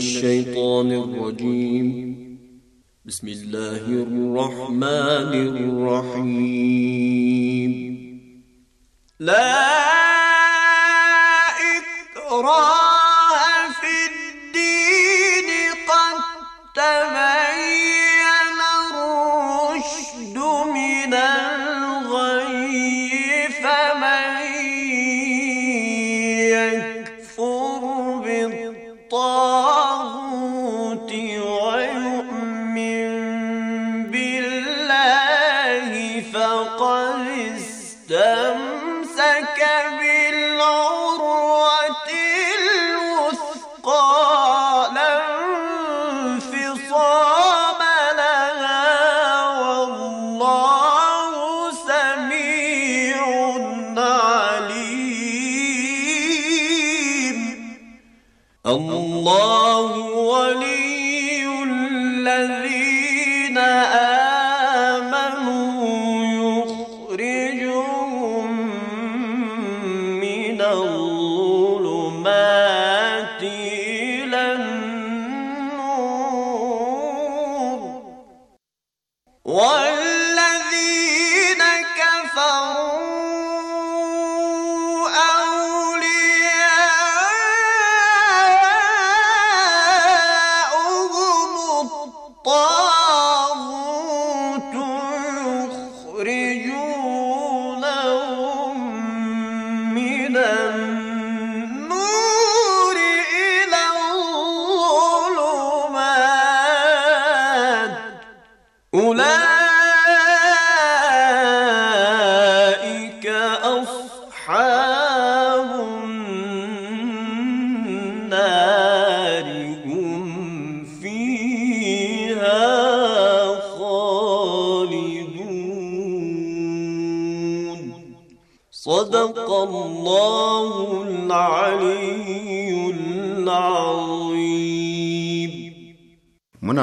الشيطان الرجيم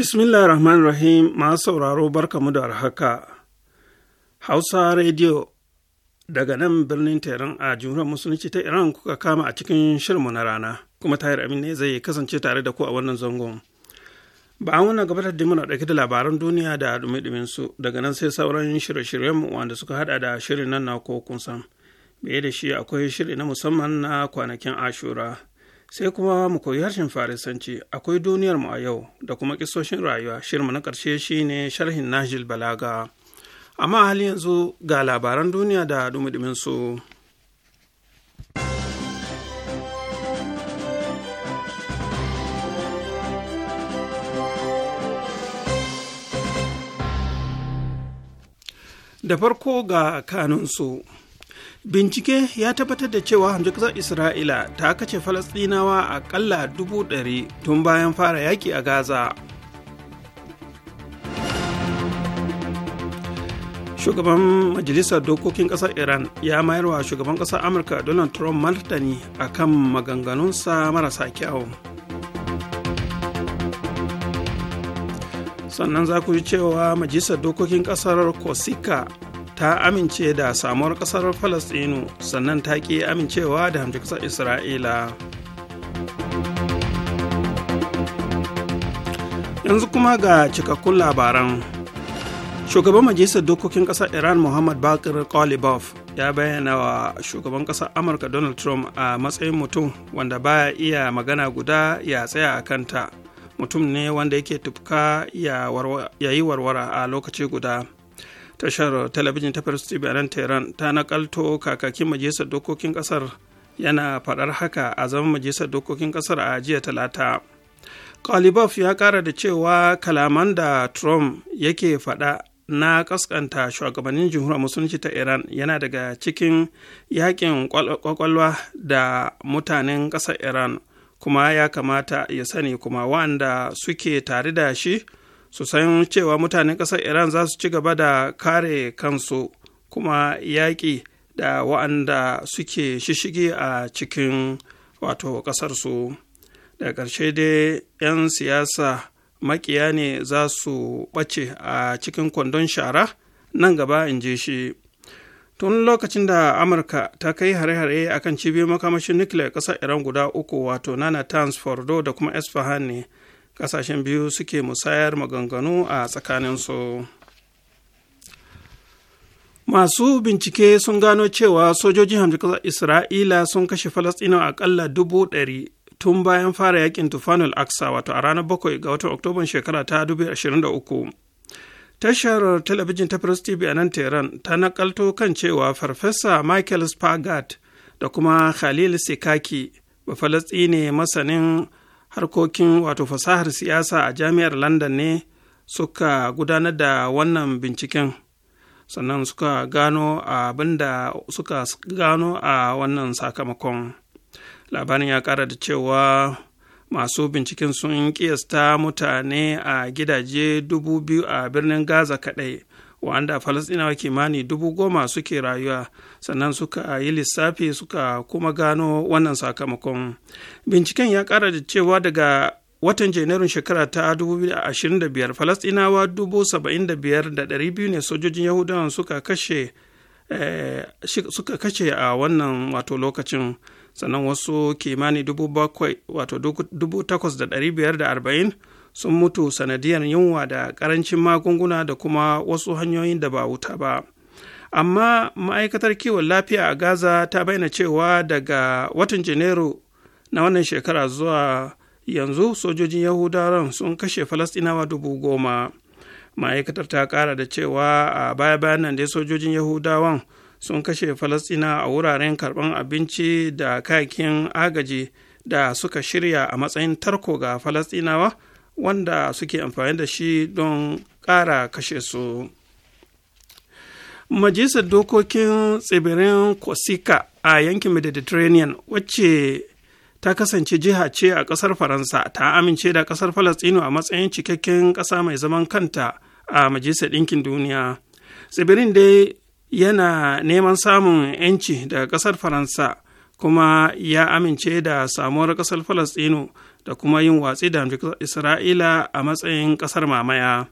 Bismillah rahman rahim masu sauraro barkamu da haka Hausa Radio daga nan birnin Tehran a jumhuriyar Musulunci ta Iran kuka kama a cikin shirmu na rana kuma Tahir Amin ne zai kasance tare da ku a wannan zangon. Ba an wannan gabatar da muna ɗauke da labaran duniya da dumi su daga nan sai sauran shirye-shiryen wanda suka haɗa da shirin nan na ko kun san. da shi akwai shiri na musamman na kwanakin Ashura. sai kuma mu koyi harshen farisanci akwai duniyar mu a yau da kuma kisoshin rayuwa shirma na ƙarshe shine sharhin Najil balaga amma halin yanzu ga labaran duniya da dumudumin su da farko ga kanunsu su bincike ya tabbatar da cewa Hanzu ƙasar isra'ila ta kace falasɗinawa aƙalla dubu ɗari tun bayan fara yaƙi a gaza shugaban majalisar dokokin ƙasar iran ya mayar wa shugaban ƙasar amurka donald trump martani akan maganganunsa marasa kyau sannan za ku ji cewa majalisar dokokin ƙasar kosika ta amince da samuwar ƙasar falastinu sannan ta ƙi amincewa da hamshe ƙasar isra'ila yanzu kuma ga cikakkun labaran shugaban majalisar dokokin ƙasar iran muhammad bakir kolibov ya bayyana wa shugaban ƙasar amurka donald trump a matsayin mutum wanda baya iya magana guda ya tsaya a kanta mutum ne wanda yake tufka ya yi warwara a lokaci guda tashar talabijin ta first tv tehran ta nakalto kakakin majalisar dokokin kasar yana faɗar haka a zaman majalisar dokokin kasar a jiya talata kalibov ya ƙara da cewa kalaman da trump yake faɗa na kaskanta shugabannin jamhuriyar musulunci ta iran yana daga cikin yakin kwakwalwa da mutanen ƙasar iran kuma ya kamata ya sani kuma wanda suke tare da shi su san cewa mutanen ƙasar iran za su ci gaba da kare kansu kuma yaƙi da wa'anda suke shishigi a cikin wato ƙasarsu da ƙarshe dai 'yan siyasa makiya ne za su ɓace a cikin kwandon shara nan gaba in je shi tun lokacin da amurka ta kai hare-hare akan cibiyar makamashin nuklear ƙasar iran guda uku wato nana tans fordo da kuma esfahan ne kasashen biyu suke musayar maganganu a tsakaninsu masu bincike sun gano cewa sojojin hamdukar isra'ila sun kashe falastina akalla dubu ɗari tun bayan fara yakin tufanul aksa wato a ranar bakwai ga watan oktoban shekara ta 2023 tashar talabijin ta press tv a nan tehran ta nakalto kan cewa farfesa michael spagat da kuma khalil sikaki bafalastine masanin harkokin wato fasahar siyasa a jami'ar london ne suka gudanar da wannan binciken sannan suka gano abin da suka gano a wannan sakamakon labarin ya kara da cewa masu binciken sun kiyasta mutane a gidaje dubu biyu a birnin gaza kadai wanda falasɗinawa kimani dubu goma suke rayuwa sannan suka yi lissafi suka kuma gano wannan sakamakon binciken ya ƙara da cewa daga watan janairun shekara ta 2025 falasɗinawa 75,200 ne sojojin yahudawan suka kashe eh, suka kashe a wannan wato lokacin sannan wasu kimani dubu bakwai dubu takwas da ɗari biyar da arba'in sun mutu sanadiyar yunwa da karancin magunguna da kuma wasu hanyoyin da ba wuta ba amma ma'aikatar kiwon lafiya a gaza ta bayyana cewa daga watan janairu na wannan shekara zuwa yanzu sojojin yahudawan sun kashe falastinawa dubu goma ma'aikatar ta kara da cewa a baya bayan nan dai sojojin yahudawan sun kashe falastina a wuraren karban abinci da kayakin agaji da suka shirya a matsayin tarko ga falastinawa wanda suke amfani da shi don ƙara kashe su majalisar dokokin tsibirin kosika a yankin mediterranean wacce ta kasance jiha ce a ƙasar faransa ta amince da ƙasar falastinu a matsayin cikakken ƙasa mai zaman kanta a majalisar ɗinkin duniya tsibirin dai yana neman samun 'yanci daga ƙasar faransa kuma ya amince da samuwar ƙasar falastinu da kuma yin watsi da isra'ila a matsayin ƙasar mamaya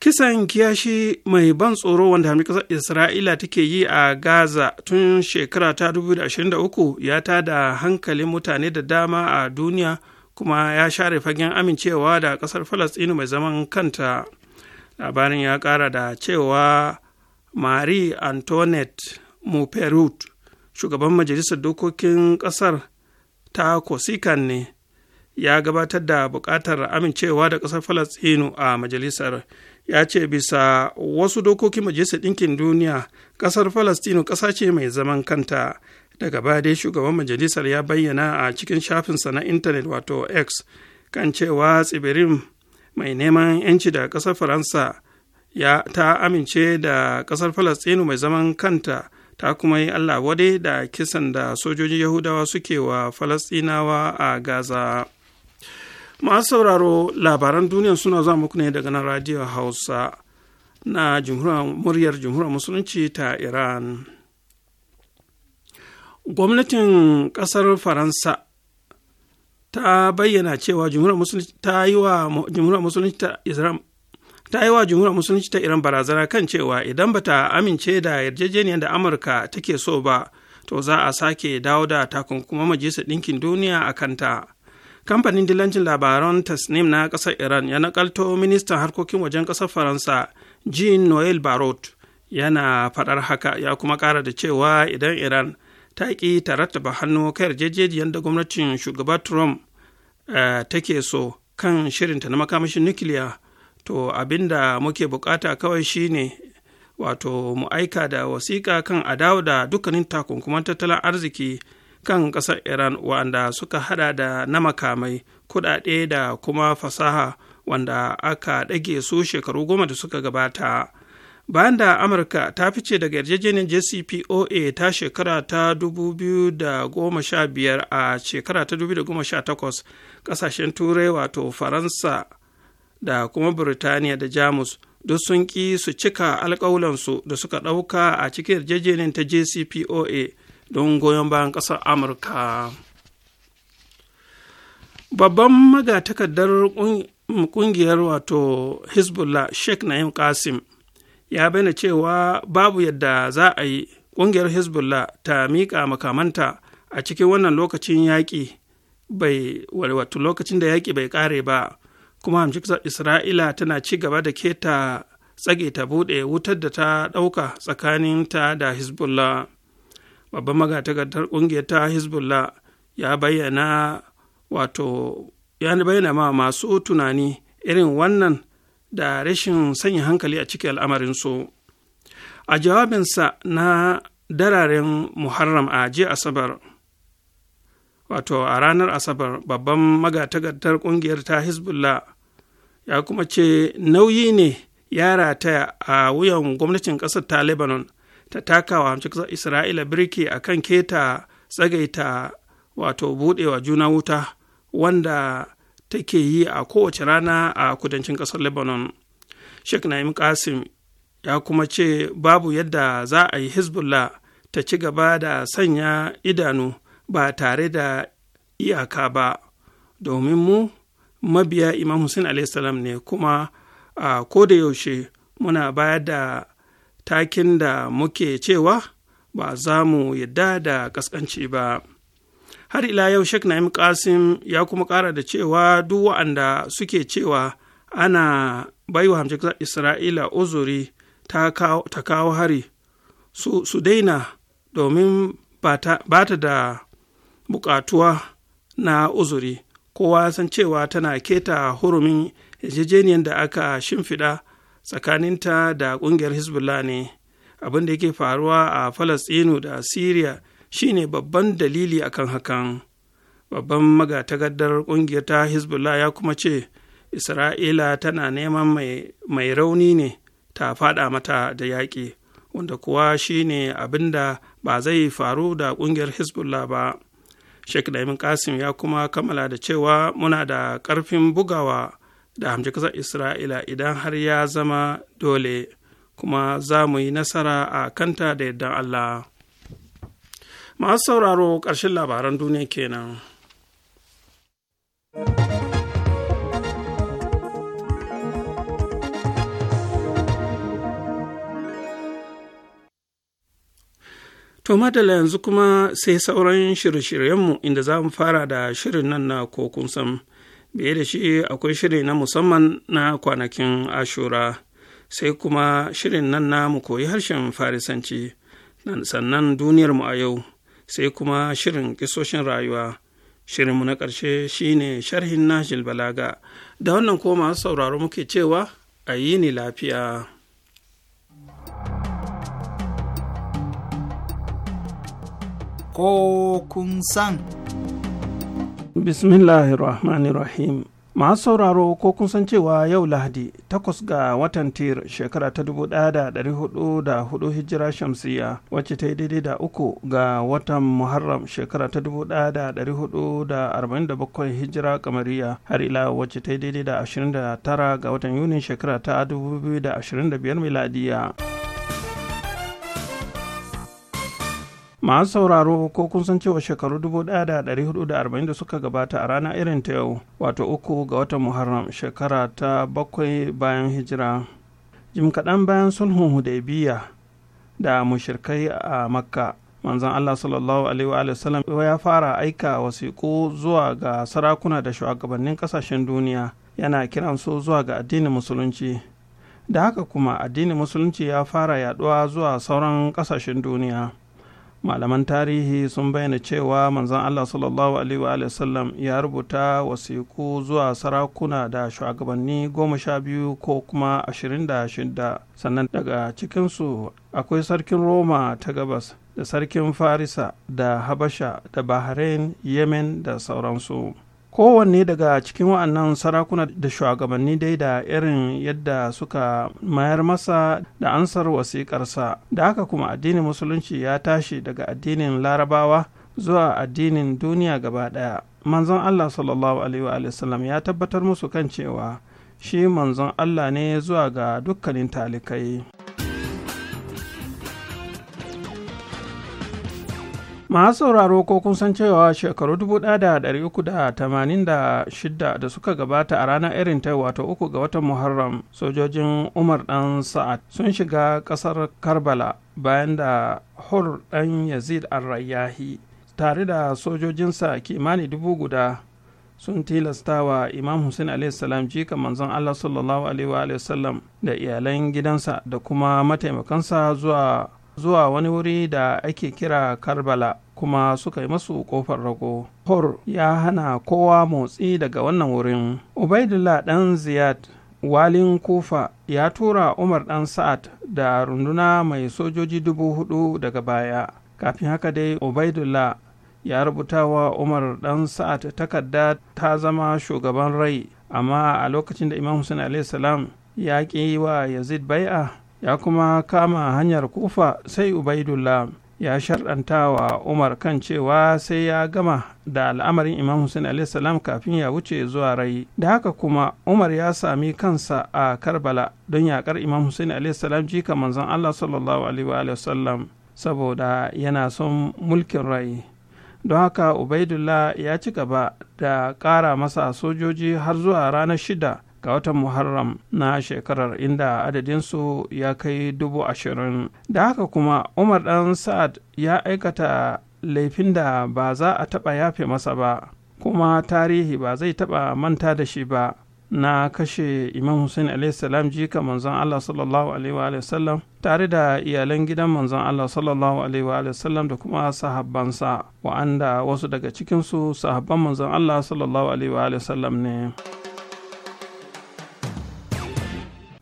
kisan kiyashi mai ban tsoro wanda ƙasar isra'ila take yi a gaza tun shekara ta 2023 ya ta da hankalin mutane da dama a duniya kuma ya share fagen amincewa da ƙasar falastinu mai zaman kanta labarin ya ƙara da cewa marie antoinette muperut shugaban majalisar dokokin ƙasar ta kosikan ne ya gabatar da buƙatar amincewa da ƙasar falastinu a majalisar ya ce bisa wasu dokokin majalisar ɗinkin duniya ƙasar falastinu ƙasa ce mai zaman kanta daga baya dai shugaban majalisar ya bayyana a cikin shafinsa na intanet wato x kan cewa tsibirin mai neman 'yanci da ƙasar faransa ya ta amince da ƙasar falastinu mai zaman kanta ta kuma yi Allah wade da kisan da sojojin Yahudawa suke wa Falasɗinawa a Gaza. Masu sauraro labaran duniya suna zuwa muku ne daga nan Radio Hausa na muryar Jumhuriyar Musulunci ta Iran. Gwamnatin ƙasar Faransa ta bayyana cewa Musulunci ta yi wa Jumhuriyar Musulunci ta Islam ta yi wa jumhuriyar musulunci ta iran barazana kan cewa idan bata amince da yarjejeniyar da amurka take so ba to za a sake dawo da takunkuma majalisar ɗinkin duniya a kanta kamfanin dilancin labaran tasnim na ƙasar iran ya nakalto ministan harkokin wajen ƙasar faransa jean noel barot yana faɗar haka ya kuma ƙara da cewa idan iran ta ƙi ta rattaba hannu ka yarjejeniyar da gwamnatin shugaba trump eh, take so kan shirinta na makamashin nukiliya to abin da muke bukata kawai shine wato mu aika da wasiƙa kan adawa da dukkanin takunkuman tattalin arziki kan ƙasar iran wanda suka hada da na makamai kuɗaɗe da kuma fasaha wanda aka ɗage su shekaru goma da suka gabata bayan da amurka ta fice daga yarjejeniyar jcpoa ta shekara ta 2015 a shekara ta 2018 ƙasashen turai wato faransa da kuma Birtaniya da Jamus duk sun ƙi su cika alƙawulansu da suka ɗauka a cikin yarjejeniyar ta JCPOA don goyon bayan ƙasar Amurka. Babban magatakardar ƙungiyar wato Hezbollah Sheikh Na'im Qasim ya bayyana cewa babu yadda za a yi ƙungiyar Hezbollah ta miƙa makamanta a cikin wannan lokacin yaƙi bai lokacin da yaƙi bai ƙare ba. kuma hamjikzar isra'ila tana ci gaba da keta tsage ta buɗe wutar da ta ɗauka tsakaninta da hezbollah babban magatakardar ƙungiyar ta hezbollah ya bayyana wato ya bayyana ma masu tunani irin wannan da rashin sanya hankali a cikin al'amarinsu a jawabinsa na dararen muharram a jiya asabar wato a ranar asabar babban magatakardar ƙungiyar ta hezbollah ya kuma ce nauyi ne ya rataya a wuyan gwamnatin ƙasar ta lebanon ta takawa ƙasar isra'ila birki a kan keta tsagaita wato buɗewa juna wuta wanda take yi a kowace rana a kudancin ƙasar lebanon sheikh na'im qasim ya kuma ce babu yadda za a yi hezbollah ta ci gaba da sanya idanu ba tare da iyaka ba domin mu mabiya imam hussein alaihissalam ne kuma a koda yaushe muna bayar da takin da muke cewa ba za mu yadda da kaskanci ba har ila yau shek na'im kasim ya kuma ƙara da cewa duk wa'anda suke cewa ana baiwa hamshe isra'ila uzuri ta kawo hari su, su daina domin ba ta da bukatuwa na uzuri kowa ya san cewa tana keta hurumin yajejeniyar da aka shimfiɗa tsakaninta da ƙungiyar hezbollah ne abin da yake faruwa a Falasɗinu da syria shine babban dalili akan hakan babban magatagardar ƙungiyar ta hezbollah ya kuma ce isra'ila tana neman mai rauni ne ta faɗa mata da yaƙi wanda kuwa shine abin da ba zai faru da ƙungiyar hezbollah ba Sheikh Daimin Kasim ya kuma kammala da cewa muna da ƙarfin bugawa da hamji ƙasar Isra'ila idan har ya zama dole kuma za mu yi nasara a kanta da yardan Allah. Masu sauraro ƙarshen labaran duniya kenan. To madala yanzu kuma sai sauran shirye-shiryenmu inda za mu fara da shirin nan na ko kun san. Biye da shi akwai shiri na musamman na kwanakin ashura, sai kuma shirin nan na mu koyi harshen farisanci, sannan duniyar mu a yau, sai kuma shirin kisoshin rayuwa. Shirinmu na ƙarshe shine sharhin Nashil Balaga, da wannan ko masu sauraro muke cewa a yi ni lafiya. ko kun san. Bismillahirrahmanirrahim. Masu sauraro ko kun san cewa yau Lahadi takwas ga watan Tir shekara ta dubu ɗaya da ɗari hudu da hudu hijira shamsiya wacce ta yi daidai da uku ga watan Muharram shekara ta dubu ɗaya da ɗari hudu da arba'in da bakwai hijira kamariya har ila wacce ta yi daidai da ashirin da tara ga watan Yuni shekara ta dubu biyu da ashirin da biyar miladiya. masu sauraro ko kun san cewa shekaru 1440 da suka gabata a rana irin ta yau wato uku ga watan muharram shekara ta bakwai bayan hijira jim kaɗan bayan sulhun hudaybiya da mushirkai a makka manzon allah sallallahu alaihi wa sallam ya fara aika wasiƙu zuwa ga sarakuna da shugabannin ƙasashen duniya yana kiran su zuwa ga addinin musulunci da haka kuma addinin musulunci ya fara yaɗuwa zuwa sauran ƙasashen duniya malaman tarihi sun bayyana cewa manzon allah sallallahu alaihi wa sallam ya rubuta wasiku zuwa sarakuna da shugabanni goma sha biyu ko kuma ashirin da shida sannan daga cikinsu akwai sarkin roma ta gabas da sarkin farisa da habasha da bahrain yemen da sauransu kowanne daga cikin wa'annan sarakuna da shugabanni dai da irin yadda suka mayar masa da ansar wasikarsa, da haka kuma addinin musulunci ya tashi daga addinin larabawa zuwa addinin duniya gaba ɗaya manzon allah sallallahu alaihi ya tabbatar musu kan cewa shi manzon allah ne zuwa ga dukkanin talikai masu sauraro ko kun san cewa shekaru 1386 da suka gabata a ranar irin ta wato uku ga watan muharram sojojin umar dan sa'ad sun shiga kasar karbala bayan da hur dan yazid al-rayyahi tare da sojojinsa kimani dubu guda sun tilasta imam hussein salam jika manzon allah sallallahu alaihi wa sallam da iyalan gidansa da kuma mataimakansa zuwa zuwa wani wuri da ake kira karbala kuma suka yi masu kofar rago hor ya hana kowa motsi daga wannan wurin ubaidullah dan ziyad walin kufa ya tura umar dan sa'ad da runduna mai sojoji dubu hudu daga baya kafin haka dai ubaidullah ya rubuta wa umar dan sa'ad takarda ta zama shugaban rai amma a lokacin da imam hussein a.s. ya ƙi wa yazid bai'a ya kuma kama hanyar kufa sai ubaidullah ya sharɗanta wa umar kan cewa sai ya gama da al'amarin imam hussein salam kafin ya wuce zuwa rai da haka kuma umar ya sami kansa a karbala don yaƙar imam hussein salam jika manzon allah sallallahu alaihi wasallam saboda yana son mulkin rai don haka ubaidullah ya ci gaba da ƙara masa sojoji har zuwa ranar shida ga watan muharram na shekarar inda adadinsu ya kai dubu ashirin da haka kuma umar dan sa'ad ya aikata laifin da ba za a taɓa yafe masa ba kuma tarihi ba zai taɓa manta da shi ba na kashe imam hussein salam jika manzon allah sallallahu alaihi sallam tare da iyalan gidan manzon allah sallallahu alaihi sallam da kuma sahabbansa wa'anda wasu daga cikinsu sahabban manzon allah sallallahu alaihi sallam ne.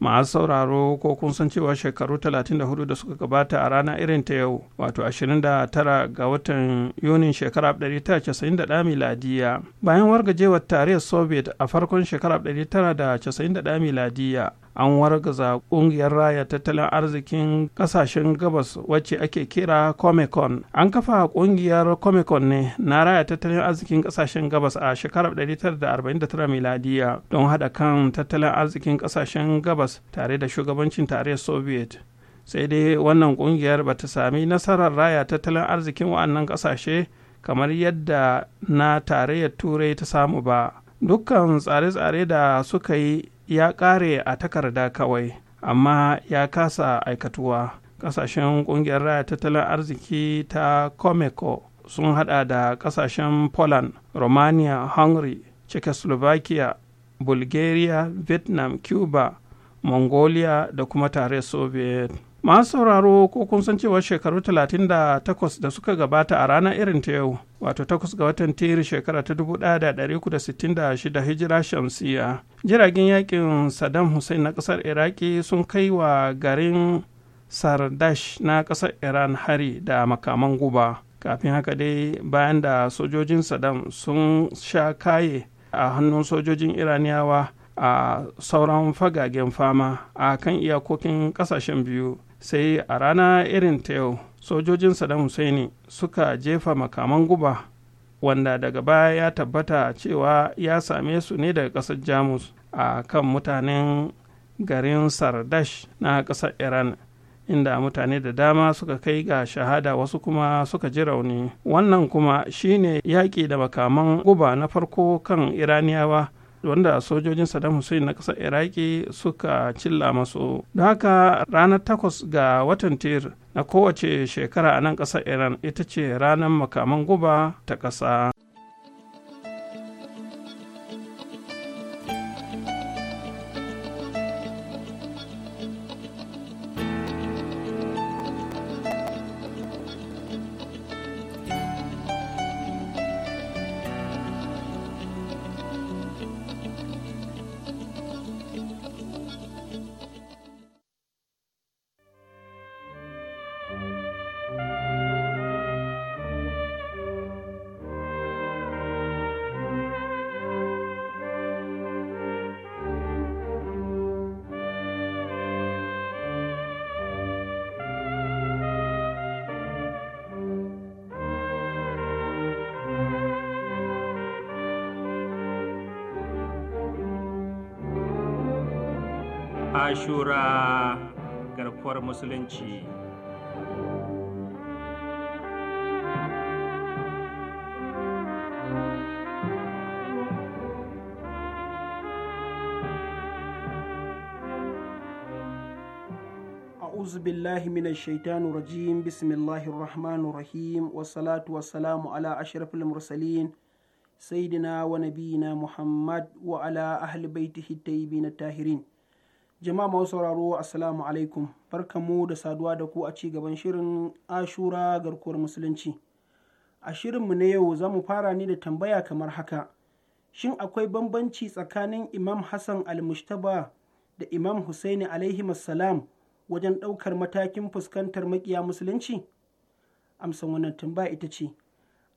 masu sauraro ko kun san cewa shekaru 34 da suka gabata a rana irin ta yau wato 29 ga watan yunin shekara 1991 miladiya bayan wargajewar tarayyar soviet a farkon shekara 1991 miladiya an wargaza kungiyar raya tattalin arzikin kasashen gabas wacce ake kira comecon an kafa kungiyar comecon ne na raya tattalin arzikin kasashen gabas a shekarar 1949 miladiya don hada kan tattalin arzikin kasashen gabas tare da shugabancin tarayyar soviet sai dai wannan kungiyar ba ta sami nasarar raya tattalin arzikin wa'annan kasashe kamar yadda na tarayyar turai ta samu ba dukkan tsare-tsare da suka yi ya ƙare a takarda kawai amma ya kasa aikatuwa Kasashen ƙungiyar raya tattalin arziki ta comeco sun hada da ƙasashen poland romania hungary czechoslovakia bulgaria vietnam cuba mongolia da kuma tare soviet masu sauraro ko kun san cewa shekaru 38 da suka gabata a ranar irin ta yau wato 8 ga watan tiri shekara ta 1966 hijira shamsiya jiragen yakin saddam hussein na kasar iraki sun kai wa garin sardash na kasar iran hari da makaman guba kafin haka dai bayan da sojojin saddam sun sha kaye a hannun sojojin iraniyawa a sauran fagagen fama a kan iyakokin kasashen biyu sai a rana irin ta yau sojojin saddam husaini suka jefa makaman guba wanda daga baya ya tabbata cewa ya same su ne daga ƙasar jamus a kan mutanen garin sardash na ƙasar iran inda mutane da dama suka kai ga shahada wasu kuma suka ji rauni wannan kuma shine yaƙi da makaman guba na farko kan iraniyawa wanda sojojin saddam hussein na ƙasar iraki suka cilla masu don haka ranar takwas ga watan tir na kowace shekara a nan ƙasar iran ita ce ranar makaman guba ta ƙasa ashura garkuwar musulunci a'udhu billahi minash shaitani rajim bismillahir rahmanir rahim wassalatu wassalamu ala ashrafil mursalin saidina wa nabiyina muhammad wa ala ahli baitihi na tahirin jama'a masu sauraro assalamu alaikum barkamu da saduwa da ku a ci gaban shirin ashura garkuwar musulunci a shirinmu na yau za mu fara ne da tambaya kamar haka shin akwai bambanci tsakanin imam hassan al-Mushtaba da imam husaini alaihi salam wajen ɗaukar matakin fuskantar maƙiya musulunci amsan wannan tambaya ita ce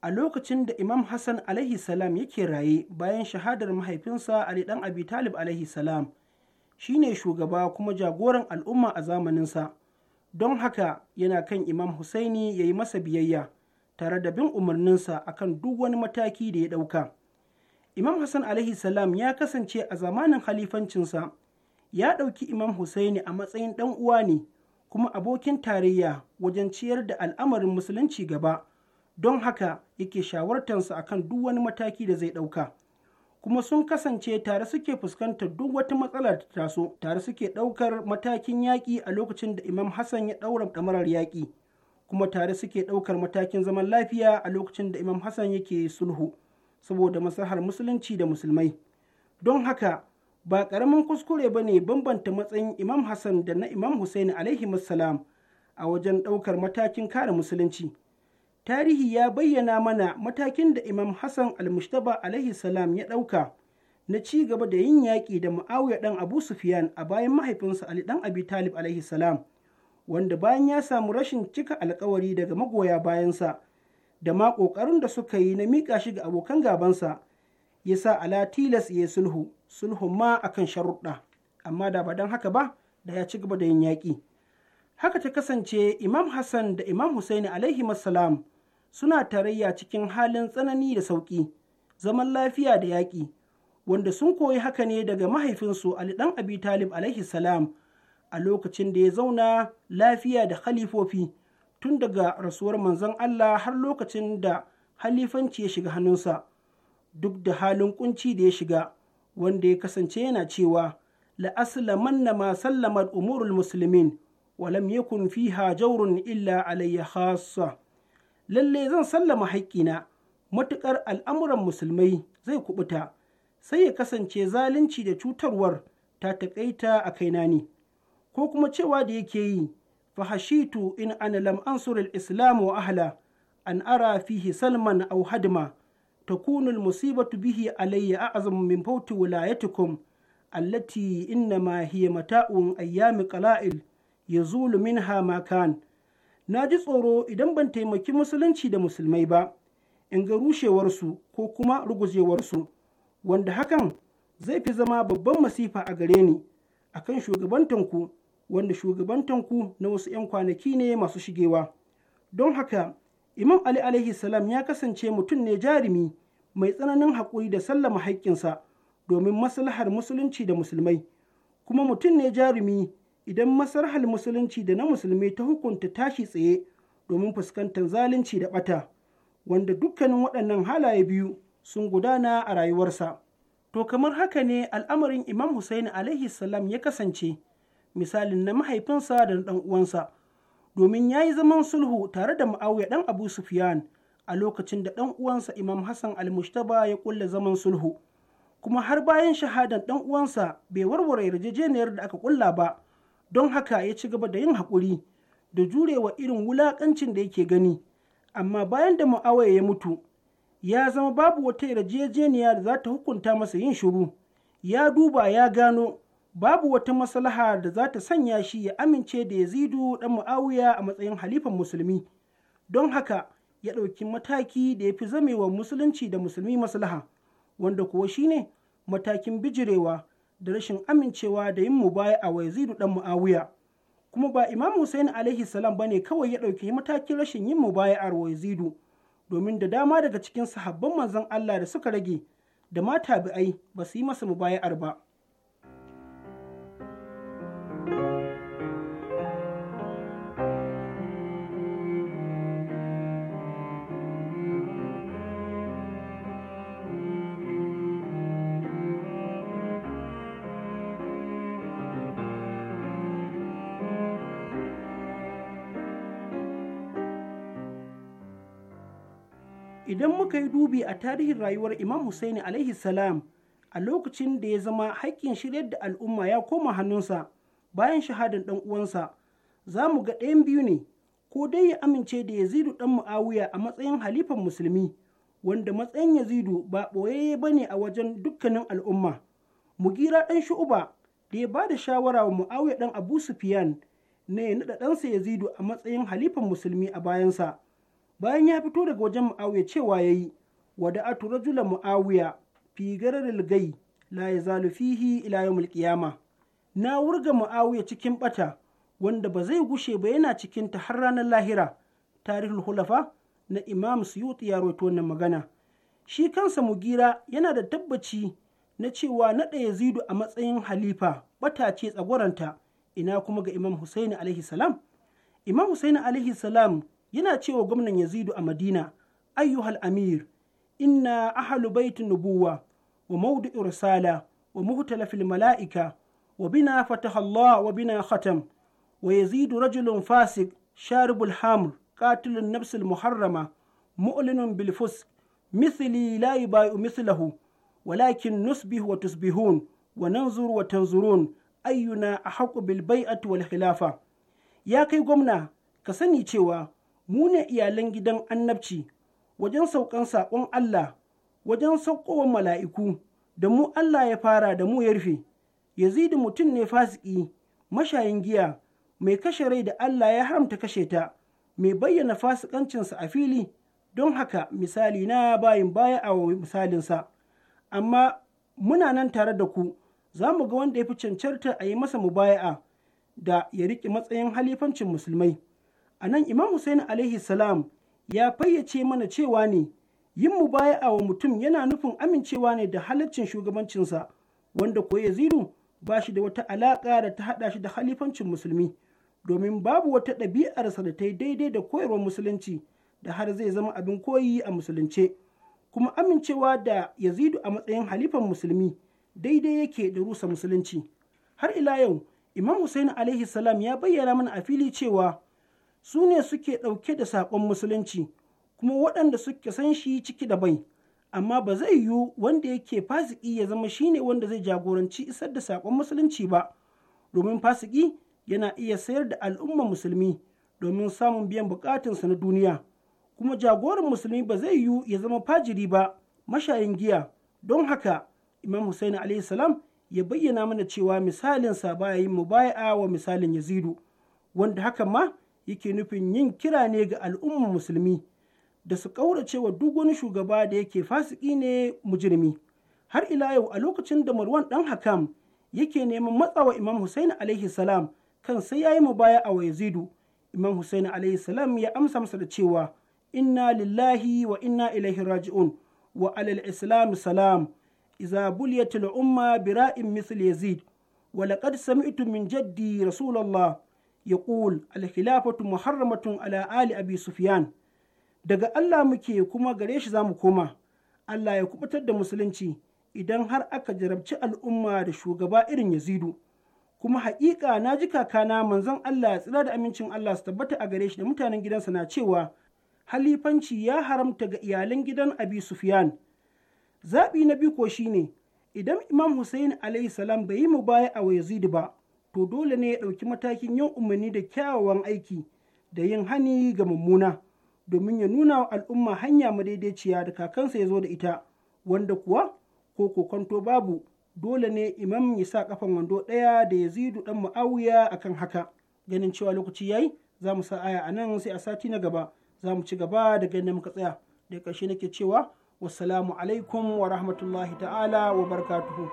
a lokacin da imam hassan alaihi salam yake raye bayan shahadar mahaifinsa ali dan abi talib alaihi salam Shi ne shugaba kuma jagoran al'umma a zamaninsa don haka yana kan imam husaini ya yi masa biyayya tare da bin umarninsa akan duk wani mataki da ya ɗauka imam hassan alaihi salam ya kasance a zamanin halifancinsa ya ɗauki imam husaini a matsayin ɗan uwa ne kuma abokin tarayya wajen ciyar da al'amarin musulunci gaba don haka yake shawartarsa akan duk wani mataki da zai ɗauka kuma sun kasance tare suke fuskantar duk wata matsalar ta taso tare suke ɗaukar matakin yaƙi a lokacin da imam hassan ya ɗaura ɗamarar yaƙi kuma tare suke ɗaukar matakin zaman lafiya a lokacin da imam hassan yake sulhu saboda masahar musulunci da musulmai don haka ba ƙaramin kuskure ba ne bambanta matsayin imam hassan da na imam hussein alaihi a wajen ɗaukar matakin kare musulunci tarihi ya bayyana mana matakin da imam hassan almustaba alaihi salam ya ɗauka na ci gaba da yin yaƙi da mu'awiya ɗan abu Sufiyan a bayan mahaifinsa ali ɗan abi talib alaihi salam wanda bayan ya samu rashin cika alkawari daga magoya bayansa da ma ƙoƙarin da suka yi na miƙa shi ga abokan gabansa ya sa ala tilas ya sulhu sulhu ma akan sharuɗa amma da ba don haka ba da ya ci gaba da yin yaƙi haka ta kasance imam hassan da imam husaini alaihi salam suna tarayya cikin halin tsanani da sauƙi, zaman lafiya da yaƙi, wanda sun koyi haka ne daga mahaifinsu Ali ɗan Abi Talib alaihi salam a lokacin da ya zauna lafiya da khalifofi tun daga rasuwar manzon Allah har lokacin da halifanci ya shiga hannunsa duk da halin kunci da ya shiga wanda ya kasance yana cewa la'aslamanna ma sallamat umurul muslimin walam yakun fiha jawrun illa alayya khassa lalle zan sallama haƙƙina matuƙar al'amuran musulmai zai kubuta sai ya kasance zalunci da cutarwar ta taƙaita a kaina ne ko kuma cewa da yake yi fahashitu in ana lam ansur islam wa ahla an ara fihi salman aw hadma takunu al-musibatu bihi alayya a'zamu min fawti wilayatikum allati ma hiya mata'un ayyami qala'il yazulu minha ma kan na ji tsoro idan ban taimaki musulunci da musulmai ba in ga rushewarsu ko kuma rugujewarsu wanda hakan zai fi zama babban masifa a gare ni akan shugabantanku wanda shugabantanku na wasu 'yan kwanaki ne masu shigewa don haka imam ali alaihi salam ya kasance mutum ne jarumi mai tsananin haƙuri da sallama haƙƙinsa domin maslahar musulunci da musulmai kuma mutum ne jarumi idan masarhal musulunci da na musulmi ta hukunta tashi tsaye domin fuskantar zalunci da ɓata wanda dukkanin waɗannan halaye biyu sun gudana a rayuwarsa to kamar haka ne al'amarin imam Hussaini alaihi salam ya kasance misalin na mahaifinsa da na ɗan uwansa domin ya yi zaman sulhu tare da ma'auya ɗan abu sufyan a lokacin da ɗan uwansa imam hassan al-mushtaba ya ƙulla zaman sulhu kuma har bayan shahadan ɗan uwansa bai warware yarjejeniyar da aka ƙulla ba don haka ya ci gaba da yin haƙuri da jurewa irin wulaƙancin da yake gani amma bayan da mu'awaya ya mutu ya zama babu wata yarjejeniya da za ta hukunta masa yin shiru ya duba ya gano babu wata maslaha da za ta sanya shi ya amince da yazidu dan mu'awiya a matsayin halifan musulmi don haka ya ɗauki mataki da ya fi zamewa musulunci da musulmi maslaha wanda kuwa shine matakin bijirewa da rashin amincewa da yin mubaya'a a Yazidu dan Muawiya kuma ba Imam Hussein alaihi salam ne kawai ya ɗauki matakin rashin yin mubaya'ar a Yazidu domin da dama daga cikin sahabban manzon Allah da suka rage da ma tabi'ai ba su yi masa mubaya'ar ba muka yi dubi a tarihin rayuwar Imam Hussaini alaihi salam a lokacin da ya zama haƙƙin shiryar da al'umma ya koma hannunsa bayan shahadar ɗan uwansa, za mu ga ɗayan biyu ne, ko dai ya amince da Yazidu ɗan Mu'awiya a matsayin halifan musulmi, wanda matsayin Yazidu ba ɓoyayye ba ne a wajen dukkanin al'umma. mu Mugira ɗan Shu'uba da ya ba da shawara wa Mu'awiya ɗan Abu sufiyan ne ya naɗa ɗansa Yazidu a matsayin halifan musulmi a bayansa. bayan ya fito daga wajen mu'awiya cewa ya yi wada tura jula mu'awiya fi da lagai la ya zalufihi ila yawmul mulkiyama na wurga mu'awiya cikin bata wanda ba zai gushe ba yana cikin ta har ranar lahira tarihul hulafa na imam suyuti ya rawaito magana shi kansa mugira yana da tabbaci na cewa na ɗaya yazidu a matsayin halifa bata ce tsagoranta ina kuma ga imam husaini alaihi salam imam husaini alaihi salam yana cewa gwamnan Yazidu a Madina, ayyuhal amir, inna ahalu baitin nubuwa wa maudu'ir risala wa muhtalafil mala'ika wa bina fataha wa bina khatam wa yazidu rajulun fasik sharibul hamr qatilun nafsil muharrama mu'linun bil fusk مثلي لا يبايع مثله ولكن wa nanzuru wa tanzurun, ayyuna a haƙo bilbai'atu wal khilafa ya kai gwamna ka sani cewa mu ne iyalan gidan annabci wajen saukan saƙon Allah wajen saukowa mala'iku da mu Allah ya fara da mu ya rufe yazidu mutum ne fasiki mashayin giya mai kashe rai da Allah ya haramta kashe ta mai bayyana fasikancinsa a fili don haka misali na bayin baya a misalinsa amma muna nan tare da ku za mu ga wanda ya fi cancanta a yi masa mubaya'a da ya riƙe matsayin halifancin musulmai A nan Imam Hussein alaihi salam ya fayyace mana cewa ne yin mubaya'a wa mutum yana nufin amincewa ne da halaccin shugabancinsa wanda ko Yazidu ba shi da wata alaƙa da ta haɗa shi da halifancin musulmi domin babu wata ɗabi'arsa da ta yi daidai da koyarwar musulunci da har zai zama abin koyi a musulunce kuma amincewa da Yazidu a matsayin halifan musulmi daidai yake da rusa musulunci har ila yau Imam Hussein alaihi salam ya bayyana mana a fili cewa su ne suke ɗauke da saƙon musulunci kuma waɗanda suke san shi ciki da bai amma ba zai yiwu wanda yake fasiki ya zama shi ne wanda zai jagoranci isar da saƙon musulunci ba domin fasiki yana iya sayar da al'umma musulmi domin samun biyan bukatunsa na duniya kuma jagoran musulmi ba zai yiwu ya zama fajiri ba mashayin giya don haka imam hussein alaihi salam ya bayyana mana cewa misalinsa baya yin mubaya'a wa misalin yazidu wanda hakan ma yake nufin yin kira ne ga al'ummar musulmi da su ƙaurace wa duk wani shugaba da yake fasiki ne mujirmi har ila yau a lokacin da marwan dan hakam yake neman matsawa imam husaini alaihi salam kan sai ya yi baya a yazidu imam husaini alaihi salam ya amsa masa da cewa inna lillahi wa inna ilaihi raji'un wa alal islam salam iza buliyatul umma bira'in misl yazid wa laqad sami'tu min jaddi rasulullah yaqul al khilafatu muharramatun ala ali daga Allah muke kuma gare shi zamu koma Allah ya kubutar da musulunci idan har aka jarabci al'umma da shugaba irin Yazidu kuma haƙiƙa na ji kakana manzon Allah ya tsira da amincin Allah su tabbata a gareshi shi da mutanen gidansa na cewa halifanci ya haramta ga iyalan gidan Abi Zabi na biyu ko shine idan Imam Hussein alayhi bai yi mu baya a Yazid ba to dole ne ya ɗauki matakin yin umarni da kyawawan aiki da yin hani ga mummuna domin ya nuna wa al'umma hanya madaidaiciya da kakansa ya zo da ita wanda kuwa ko kokonto babu dole ne imam ya sa kafan wando ɗaya da ya yazidu ɗan mu'awiya akan haka ganin cewa lokaci yayi za mu sa aya a nan sai a sati na gaba za mu ci gaba da ganin muka tsaya da ƙarshe nake cewa wassalamu alaikum wa rahmatullahi ta'ala wa barakatuhu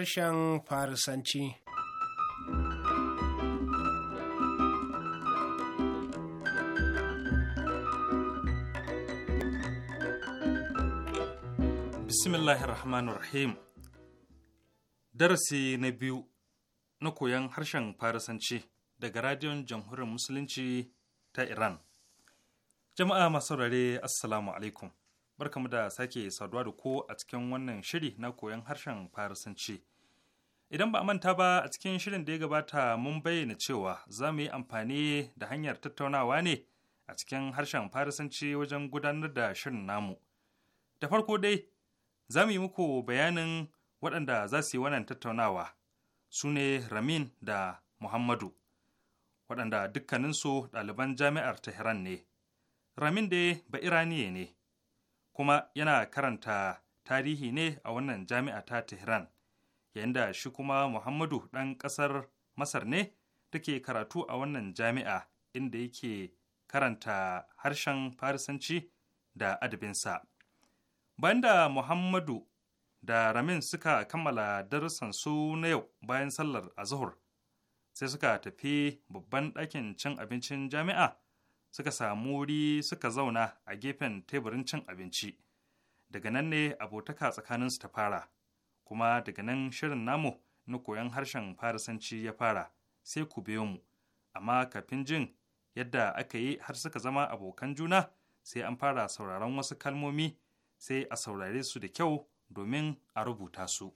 harshen Farisanci. Bismillahirrahmanirrahim. Darasi na biyu na koyon harshen Farisanci daga Radiyon Jamhuriyar Musulunci ta Iran. Jama'a masu saurare Assalamu alaikum. Barkamu da sake saduwa da ku a cikin wannan shiri na koyon harshen Farisanci. Idan ba a manta ba a cikin shirin da ya gabata mun bayyana cewa za mu yi amfani da hanyar tattaunawa ne a cikin harshen Farisanci wajen gudanar da shirin namu. Da farko dai, za mu yi muku bayanin waɗanda za su yi wannan tattaunawa su ne Ramin da Muhammadu, waɗanda dukkaninsu ɗaliban jami'ar Tehran ne. Ramin dai ba Iraniye ne, kuma yana karanta tarihi ne a wannan jami'a ta Tehran. Yanda shi kuma Muhammadu ɗan ƙasar Masar ne take karatu a wannan jami'a inda yake karanta harshen Farisanci da adabinsa. Bayan da Muhammadu da Ramin suka kammala darussan su na yau bayan sallar azuhur sai suka tafi babban ɗakin cin abincin jami'a suka samu wuri suka zauna a gefen teburin cin abinci daga nan ne abotaka tsakaninsu ta fara kuma daga nan shirin namu na koyon harshen farisanci ya fara sai ku biyo mu amma kafin jin yadda aka yi har suka zama abokan juna sai an fara sauraron wasu kalmomi sai a saurare su da kyau domin a rubuta su.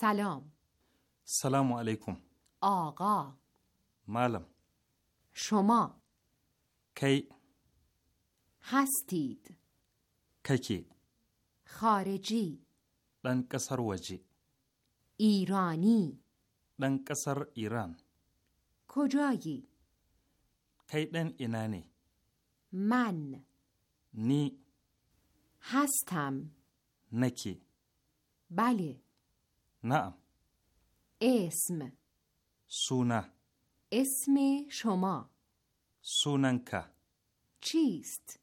سلام سلام علیکم آقا معلم شما کی هستید ککی خارجی دن کسر وجی ایرانی دن کسر ایران کجایی کی دن اینانی من نی هستم نکی بله نعم اسم سونا اسم شما سوننکا چیست؟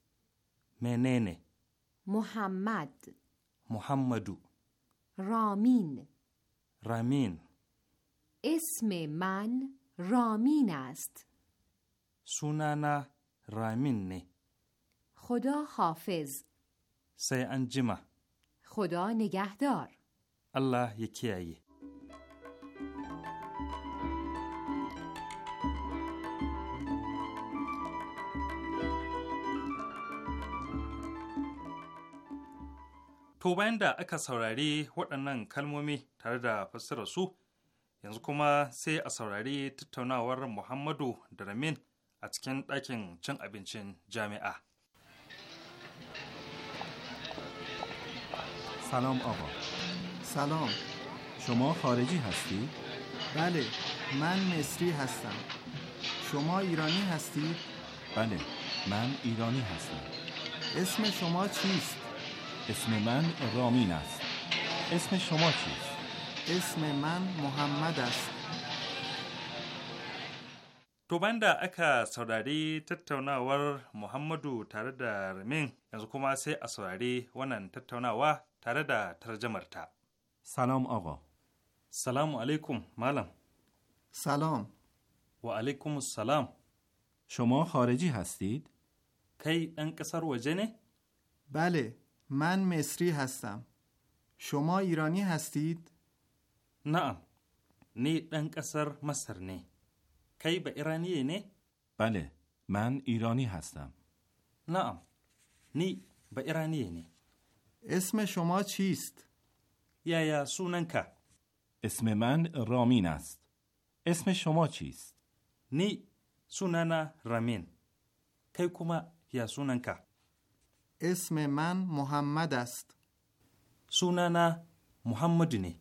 مننه محمد محمدو رامین رامین اسم من رامین است سونانا رامین نه خدا حافظ سی انجمه خدا نگهدار Allah ya kiyaye. To bayan da aka saurari waɗannan kalmomi tare da fassara su, yanzu kuma sai a saurari tattaunawar Muhammadu da Ramin a cikin ɗakin cin abincin jami'a. Salam Abba. سلام شما خارجی هستی؟ بله من مصری هستم شما ایرانی هستی؟ بله من ایرانی هستم اسم شما چیست؟ اسم من رامین است اسم شما چیست؟ اسم من محمد است تو banda aka saurari tattaunawar Muhammadu tare da Ramin yanzu kuma sai a saurari wannan tattaunawa tare da سلام آقا سلام علیکم مالم سلام و علیکم السلام شما خارجی هستید؟ کی انکسر وجه نه؟ بله من مصری هستم شما ایرانی هستید؟ نه نی انکسر مصر نه کی به ایرانی نه؟ بله من ایرانی هستم نه نی به ایرانی نه اسم شما چیست؟ یا سوننکا اسم من رامین است اسم شما چیست؟ نی سونانا رامین کی یا سوننکا اسم من محمد است سونانا محمد نی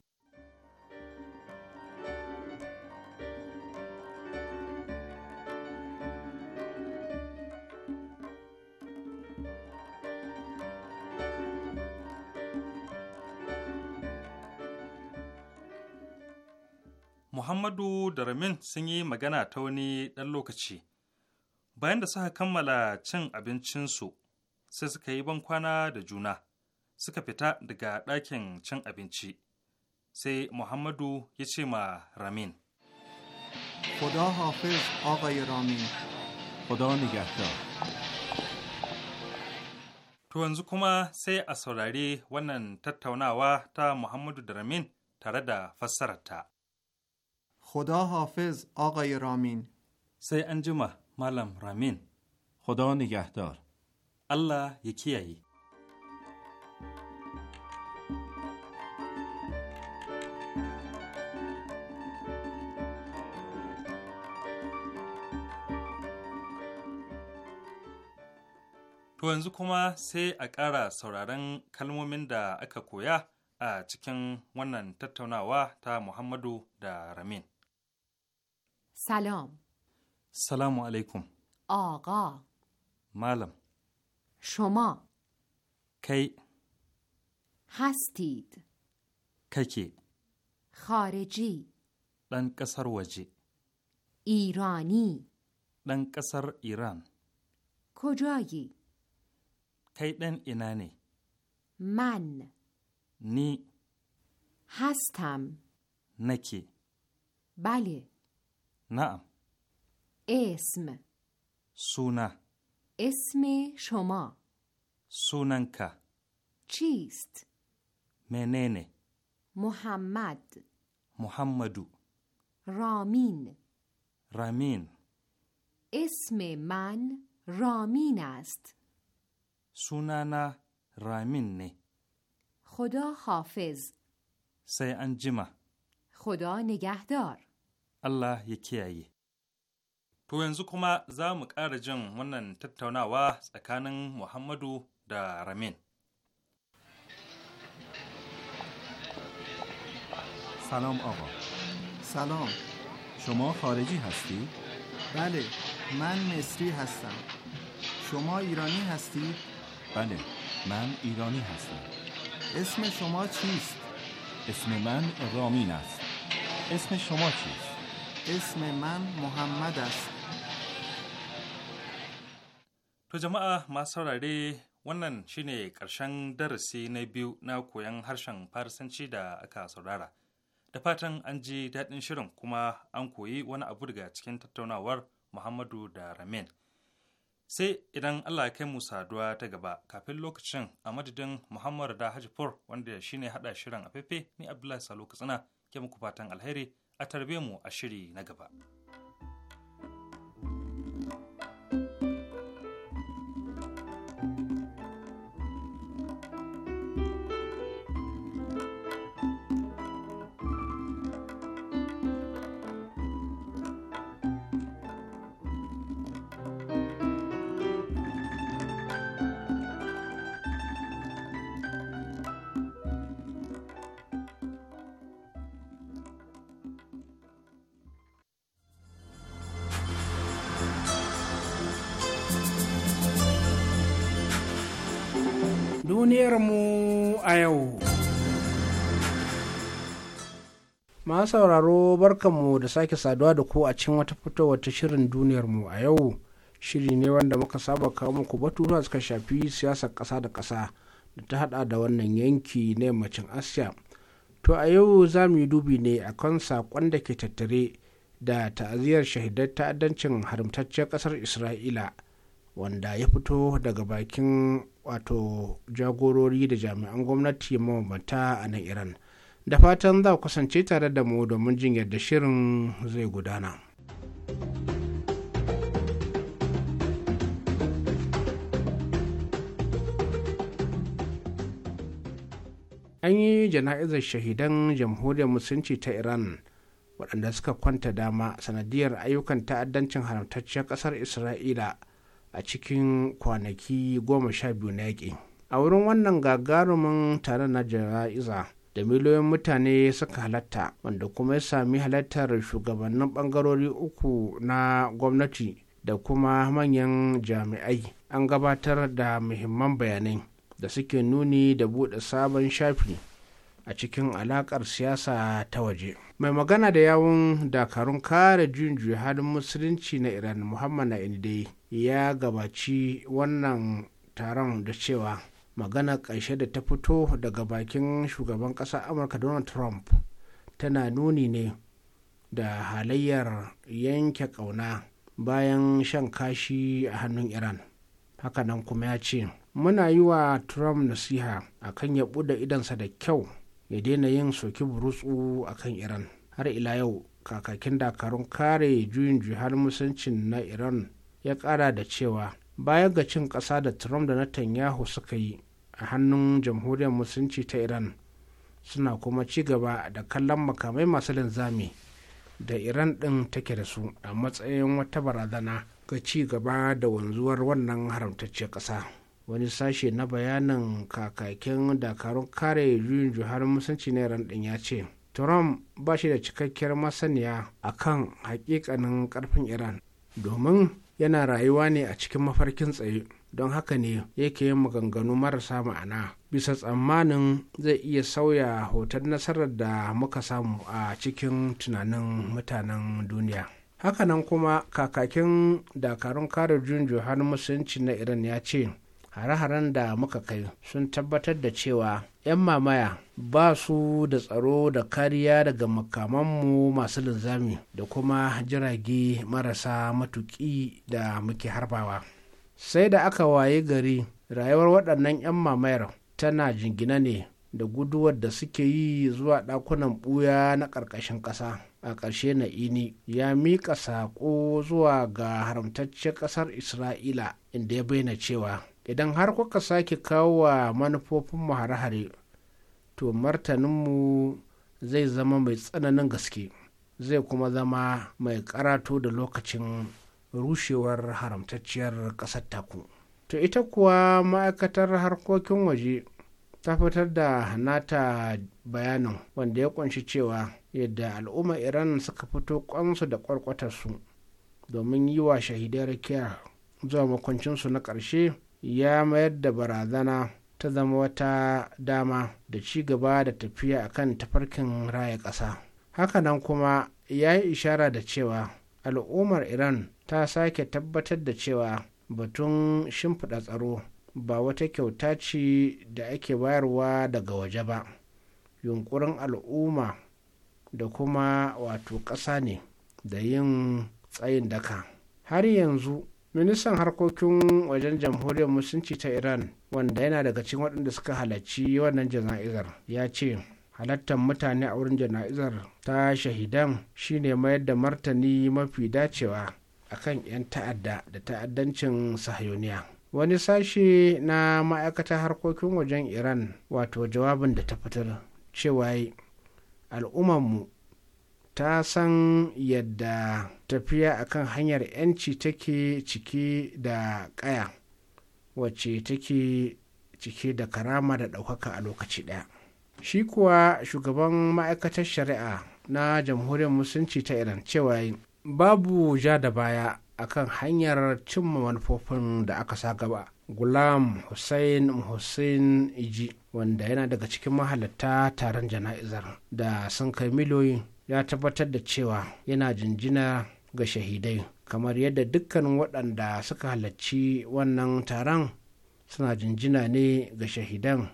Muhammadu da Ramin sun yi magana ta wani ɗan lokaci. Bayan da suka kammala cin abincinsu, sai suka yi ban kwana da juna, suka fita daga ɗakin cin abinci. Sai Muhammadu ya ce ma Ramin. خدا حافظ آقای رامین خدا نگهدار To yanzu kuma sai a saurari wannan tattaunawa ta Muhammadu da Ramin tare da fassararta. خدا حافظ آقای رامین سی انجمه مالم رامین خدا نگهدار الله یکی ای. To yanzu kuma sai a ƙara sauraron kalmomin da aka koya a cikin wannan tattaunawa ta Muhammadu da Ramin. سلام سلام علیکم آقا معلم شما کی هستید ککی خارجی دن کسر وجی ایرانی دن کسر ایران کجایی کی دن اینانی من نی هستم نکی بله نعم اسم سونا اسم شما سوننکا چیست؟ مننه محمد محمدو رامین رامین اسم من رامین است سونانا رامین نه خدا حافظ سی انجمه خدا نگهدار الله ya kiyaye. To yanzu kuma za mu ƙara jin wannan tattaunawa tsakanin Muhammadu سلام آقا سلام شما خارجی هستی؟ بله من مصری هستم شما ایرانی هستی؟ بله من ایرانی هستم اسم شما چیست؟ اسم من رامین است اسم شما چیست؟ اسم من محمد است To jama'a masu saurare wannan shine ƙarshen darasi na biyu na koyon harshen Farisanci da aka saurara. Da fatan an ji daɗin shirin kuma an koyi wani abu daga cikin tattaunawar Muhammadu da Ramin. Sai idan Allah ya kai mu saduwa ta gaba kafin lokacin a madadin Muhammadu da Hajifur wanda shine haɗa shirin a ni Abdullahi Salo Katsina ke muku fatan alheri. a tarbe mu a shiri na gaba. yau. Ma sauraro barkanmu da sake saduwa da ku a cikin wata fitowar ta shirin duniyar mu a yau. Shiri ne wanda muka saba kawo muku batutuwa suka shafi siyasar ƙasa da ƙasa da ta hada da wannan yanki na yammacin Asiya. To a yau za mu yi dubi ne a kan saƙon da ke tattare da ta'aziyar shahidar ta'addancin haramtaccen ƙasar Isra'ila. wanda ya fito daga bakin wato jagorori da jami'an gwamnati mabambanta a nan iran da fatan za kusance tare da mu domin jin yadda shirin zai gudana. an yi jana'izar shahidan jamhuriyar musulunci ta iran waɗanda suka kwanta dama sanadiyar ayyukan ta'addancin haramtacciyar ƙasar isra'ila a cikin kwanaki goma sha biyu na yaƙi a wurin wannan gagarumin tare na jiraiza, da miliyoyin mutane suka halatta wanda kuma ya sami halattar shugabannin bangarori uku na gwamnati da kuma manyan jami'ai an gabatar da muhimman bayanai da suke nuni da buɗe sabon shafi a cikin alakar siyasa ta waje mai magana da yawun dakarun kare juyin halin musulunci na iran muhammad na ya gabaci wannan taron da cewa magana ƙarshe da ta fito daga bakin shugaban ƙasar amurka donald trump tana nuni ne da halayyar yanke ƙauna bayan shan kashi a hannun iran hakanan kuma ya ce muna yi wa trump nasiha akan ya buɗe idansa da kyau ya daina yin soki burutsu akan iran har ila yau kakakin dakarun kare juyin juhar musuncin na iran ya kara da cewa "Bayan ga cin ƙasa da trump da netanyahu suka yi a hannun jamhuriyar musulunci ta iran suna kuma ci gaba da kallon makamai masu linzami da iran ɗin take da su a matsayin wata barazana ga ci gaba da wanzuwar wannan haramtacciyar ƙasa wani sashe na bayanin kakakin dakarun kare juyin juhar musulunci na iran ɗin ya ce trump ba shi da cikakkiyar masaniya akan hakikanin ƙarfin iran domin yana rayuwa ne a cikin mafarkin tsaye don haka ne yake yin maganganu marasa ma'ana bisa tsammanin zai iya sauya hoton nasarar da muka samu a cikin tunanin mutanen duniya hakanan kuma kakakin dakarun kare jun juhar musulunci na iran ya ce hare-haren da muka kai sun tabbatar da cewa 'yan mamaya ba su da tsaro da kariya daga makamanmu masu linzami da kuma jirage marasa matuƙi da muke harbawa sai da aka waye gari rayuwar waɗannan 'yan mamayar tana jingina ne da guduwar da suke yi zuwa ɗakunan ɓuya na ƙarƙashin ƙasa a ƙarshe na ini ya miƙa saƙo zuwa ga haramtaccen ƙasar isra'ila inda ya bayyana cewa idan har kuka sake kawo wa manufofin hare-hare to martaninmu zai zama mai tsananin gaske zai kuma zama mai karato da lokacin rushewar haramtacciyar ƙasar taku to ita kuwa ma'aikatar harkokin waje ta fitar da nata bayanin wanda ya kunshi cewa yadda al'umma iran suka fito kwansu da kwarkwatarsu domin yi wa shahidai rakiya zuwa makwancinsu na ƙarshe ya mayar da barazana ta zama wata dama da ci gaba da tafiya a kan tafarkin raya ƙasa hakanan kuma ya yi ishara da cewa al'ummar iran ta sake tabbatar da cewa batun shimfiɗa tsaro ba wata kyauta ce da ake bayarwa daga waje ba yunkurin al'umma da kuma wato ƙasa ne da yin tsayin daka har yanzu ministan harkokin wajen jamhuriyar musulunci ta iran wanda yana daga cikin waɗanda suka halarci wannan jana'izar ya ce halattar mutane a wurin jana'izar ta shahidan shine mayar da martani mafi dacewa a kan 'yan ta'adda da ta'addancin sahayoniya wani sashe na ma'aikatar harkokin wajen iran wato jawabin da ta fitar cewa al'ummarmu ta san yadda tafiya akan hanyar 'yanci take cike da ƙaya wacce take cike da karama da ɗaukaka a lokaci ɗaya shi kuwa shugaban ma'aikatar shari'a na jamhuriyar musulunci ta iran cewa babu ja da baya akan hanyar cimma manufofin da aka sa gaba gulam hussein hussein iji wanda yana daga cikin mahalatta taron jana'izar da sun kai miliyoyin ya tabbatar da cewa yana jinjina ga shahidai kamar yadda dukkan waɗanda suka halarci wannan taron suna jinjina ne ga shahidan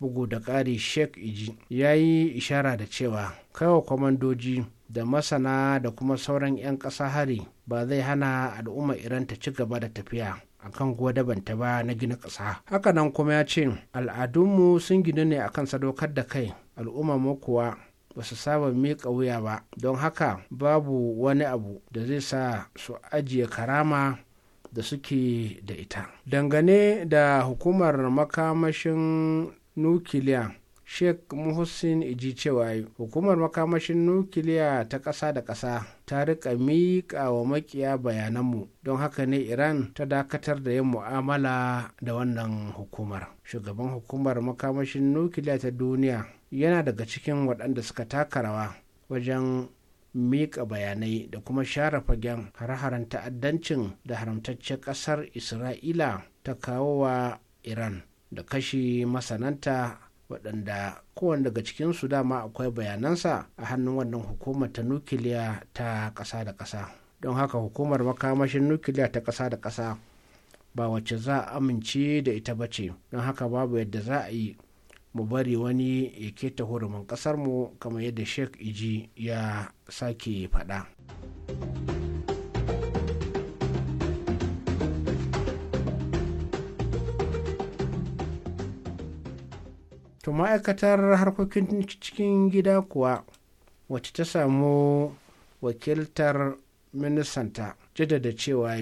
bugu da ƙari sheikh iji ya yi ishara da cewa kaiwa kwamandoji da masana da kuma sauran 'yan ƙasa hari ba zai hana al'umma iran ta ci gaba da tafiya a akan gwadabanta ba na gina ƙasa hakanan kuma ya ce al'adunmu sun ginu ne akan sadaukar da kai al'umma mu kuwa ba su saba miƙa wuya ba don haka babu wani abu da zai sa su ajiye karama da suke da ita dangane da hukumar makamashin nukiliya sheikh muhsin iji cewa hukumar makamashin nukiliya ta ƙasa da ƙasa ta riƙa miƙa wa makiya bayananmu don haka ne iran ta dakatar da yin mu'amala da wannan hukumar shugaban hukumar makamashin nukiliya ta duniya yana daga cikin waɗanda suka taka rawa wajen miƙa bayanai da kuma share fagen har-haren ta'addancin da haramtaccen ƙasar isra'ila ta kawo wa iran da kashi masananta waɗanda kowane daga cikinsu dama akwai bayanansa a hannun wannan hukumar ta nukiliya ta ƙasa da ƙasa don haka hukumar makamashin nukiliya ta ƙasa da ƙasa ba wacce za a amince da ita ba ce don haka babu yadda za a yi mu bari wani ya keta hurumin mu kamar yadda sheikh iji ya sake faɗa. to ma'aikatar harkokin cikin gida kuwa wacce ta samu wakiltar ministanta jaddada cewa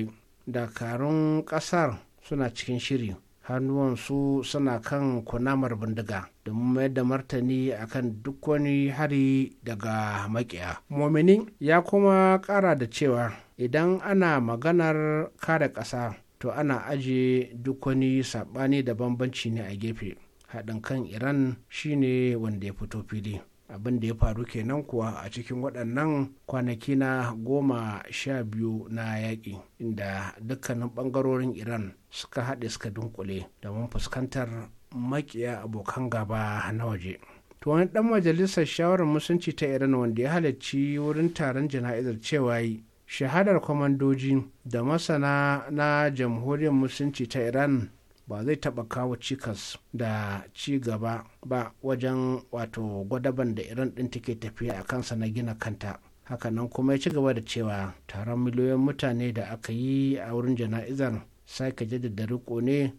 dakarun kasar suna cikin shiri hannuwansu suna kan kunamar bindiga domin mayar da martani akan duk wani hari daga makiya. mominin ya kuma ƙara da cewa idan ana maganar kare ƙasa to ana aje duk wani saɓani da bambanci ne a gefe haɗin kan iran shine wanda ya fito fili abin da ya faru kenan kuwa a cikin waɗannan kwanaki na goma sha biyu na yaƙi inda dukkanin ɓangarorin iran suka haɗe suka dunkule domin fuskantar makiya abokan gaba na waje to wani ɗan majalisar shawarar musunci ta iran wanda ya halarci wurin taron jana'izar cewa yi shahadar kwamandoji da masana na jamhuriyar musulunci ta iran ba zai taɓa kawo cikas da ci gaba ba wajen wato gwadaban da iran ɗin take tafiya a kansa na gina kanta hakanan kuma ya ci gaba da cewa taron miliyoyin mutane da aka yi a wurin jana'izar sake jaddada riko ne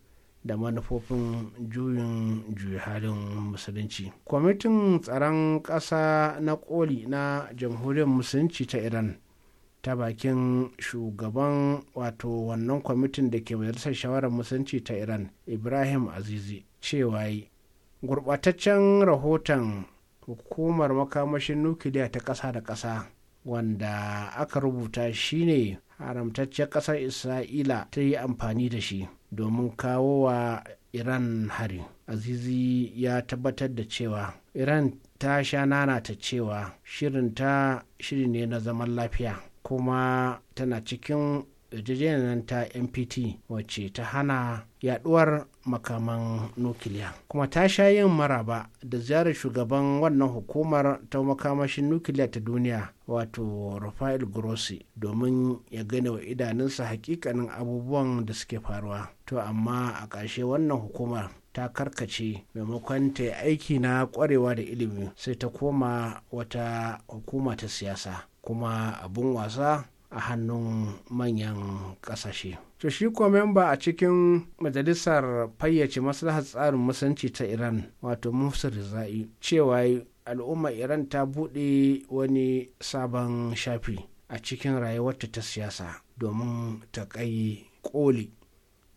da manufofin juyin juyi halin musulunci kwamitin tsaron ƙasa na koli na jamhuriyar musulunci ta iran ta bakin shugaban wato wannan kwamitin da ke majalisar shawarar musulunci ta iran ibrahim azizi cewa yi gurbataccen rahoton hukumar makamashin nukiliya ta ƙasa da ƙasa wanda aka rubuta shine haramtaccen ƙasar isra'ila ta yi amfani da shi domin kawo wa iran hari azizi ya tabbatar da cewa iran ta sha nana ta cewa shirinta shiri ne na zaman lafiya kuma tana cikin yarjejeniyar ta npt wacce ta hana yaduwar makaman nukiliya kuma ta sha yin maraba da ziyarar shugaban wannan hukumar ta makamashin nukiliya ta duniya wato rafael grossi domin ya gane wa idanunsa hakikanin abubuwan da suke faruwa to amma a ƙarshe wannan hukumar ta karkace maimakon ta yi aiki na ƙwarewa da ilimi sai ta koma wata hukuma ta siyasa kuma abun wasa a hannun manyan kasashe. To shi kuwa memba a cikin majalisar fayyace maslahar tsarin musanci ta Iran wato Mufsir Rizai cewa al'umma Iran ta buɗe wani sabon shafi a cikin rayuwarta ta siyasa domin ta kai koli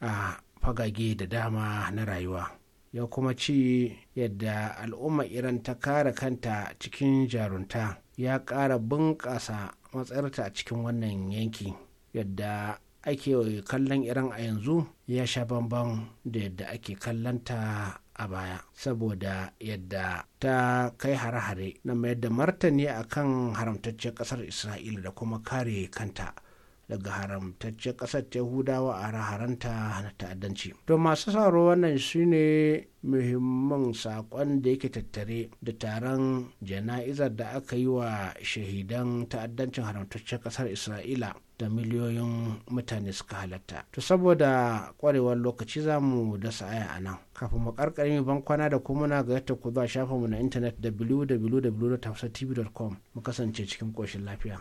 a fagage da dama na rayuwa. Ya kuma ci yadda al'umma Iran ta kare kanta cikin jarunta ya ƙara bunƙasa matsayarta a cikin wannan yanki yadda ake kallon iran a yanzu ya sha bamban da yadda ake kallonta a baya saboda yadda ta kai hare-hare na mayar da martani akan haramtaccen ƙasar isra'ila da kuma kare kanta daga haramtaccen ƙasar yahudawa a raharanta na ta'addanci to masu sauro wannan ne muhimman saƙon da yake tattare da taron jana'izar da aka yi wa shahidan ta'addancin haramtaccen ƙasar isra'ila da miliyoyin mutane suka halatta to saboda kwarewar lokaci za mu dasa aya a nan kafin mu karkare mu ban da kuma na ga yadda ku zuwa shafin mu na intanet www.tafsatv.com mu kasance cikin koshin lafiya.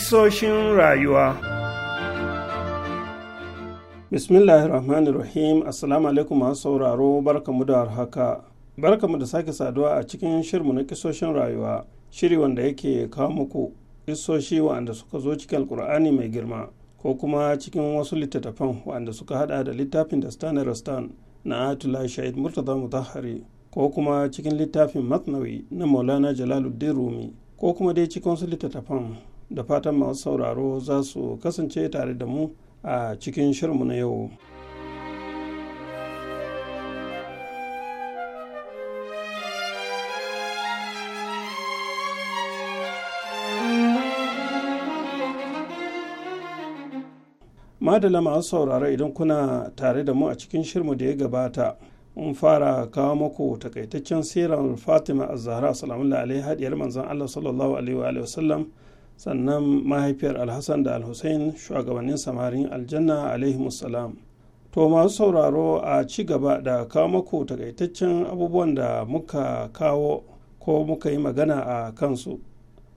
Kisoshin rayuwa Bismillahirrahmanirrahim Assalamu alaikum masu sauraro barkamu da haka. Barkamu da sake saduwa a cikin shirmu na kisoshin rayuwa, shiri wanda yake kawo muku isoshi wa'anda suka zo cikin alkur'ani mai girma ko kuma cikin wasu littattafan wa'anda suka hada da littafin da stan na atula shahid murtaza mutahari ko kuma cikin littafin matnawi na maulana jalaluddin rumi ko kuma dai cikin wasu littattafan da fatan masu sauraro za su kasance tare da mu a cikin shirmu na yau. madala masu sauraro idan kuna tare da mu a cikin shirmu da ya gabata mun fara kawo muku takaitaccen sirar fatima a zahra salamun alaihi hadiyar manzon allah sallallahu alaihi wa sallam sannan mahaifiyar alhassan da alhussein shugabannin samarin aljanna alaihimussalam to masu sauraro a ci gaba da kawo maku takaitaccen abubuwan da muka kawo ko muka yi magana a kansu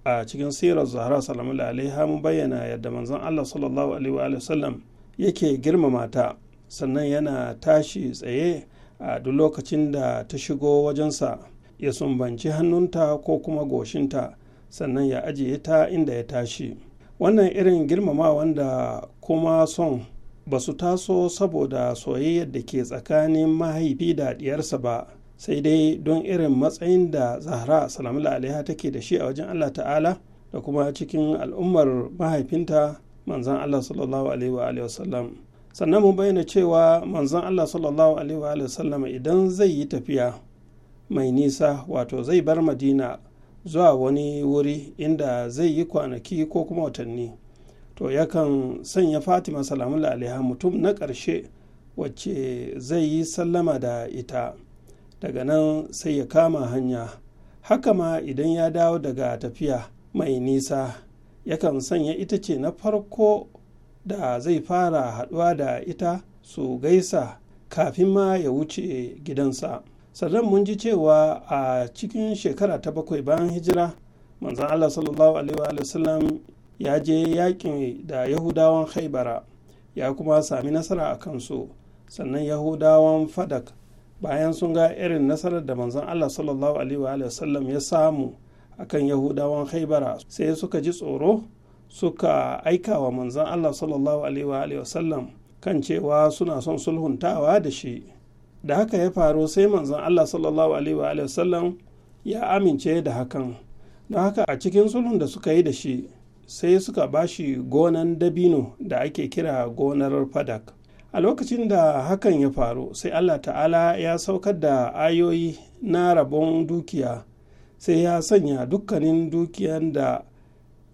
a cikin sirar zahra salamu alaiha mun bayyana yadda manzon allah sallallahu alaihi wa sallam yake girmama ta sannan yana tashi tsaye a duk lokacin da ta shigo wajensa ya sumbanci hannunta ko kuma goshinta sannan ya ajiye ta inda ya tashi wannan irin girmama wanda kuma son ba su taso saboda soyayyar da ke tsakanin mahaifi da diyarsa ba sai dai don irin matsayin da zahra salamula alaiha take da shi a wajen allah ta'ala da kuma cikin al'ummar mahaifinta manzan allah sallallahu alaihi wasallam sannan mu bayyana cewa manzan allah sallallahu alaihi wasallam idan zai yi tafiya mai nisa wato zai bar madina zuwa wani wuri inda zai yi kwanaki ko kuma watanni to yakan sanya fatima salamun alaiha mutum na ƙarshe wacce zai yi sallama da ita daga nan sai ya kama hanya haka ma idan ya dawo daga tafiya mai nisa yakan sanya ita ce na farko da zai fara haɗuwa da ita su gaisa kafin ma ya wuce gidansa sannan mun ji cewa a cikin shekara ta bakwai bayan hijira manzan allah sallallahu alaihi wasallam ya je yakin da yahudawan haibara ya kuma sami nasara a kansu sannan yahudawan fadak bayan sun ga irin nasarar da manzan allah sallallahu alaihi ya samu a kan yahudawan haibara sai suka ji tsoro suka aika wa manzan allah sallallahu alaihi kan cewa suna son sulhuntawa da shi da haka ya faru sai manzon allah sallallahu alaihi sallam ya amince da hakan don haka a cikin sulhun da suka yi da shi sai suka ba shi gonan dabino da ake kira gonar fadak a lokacin da hakan ya faru sai allah ta'ala ya saukar da ayoyi na rabon dukiya sai ya sanya dukkanin dukiyan da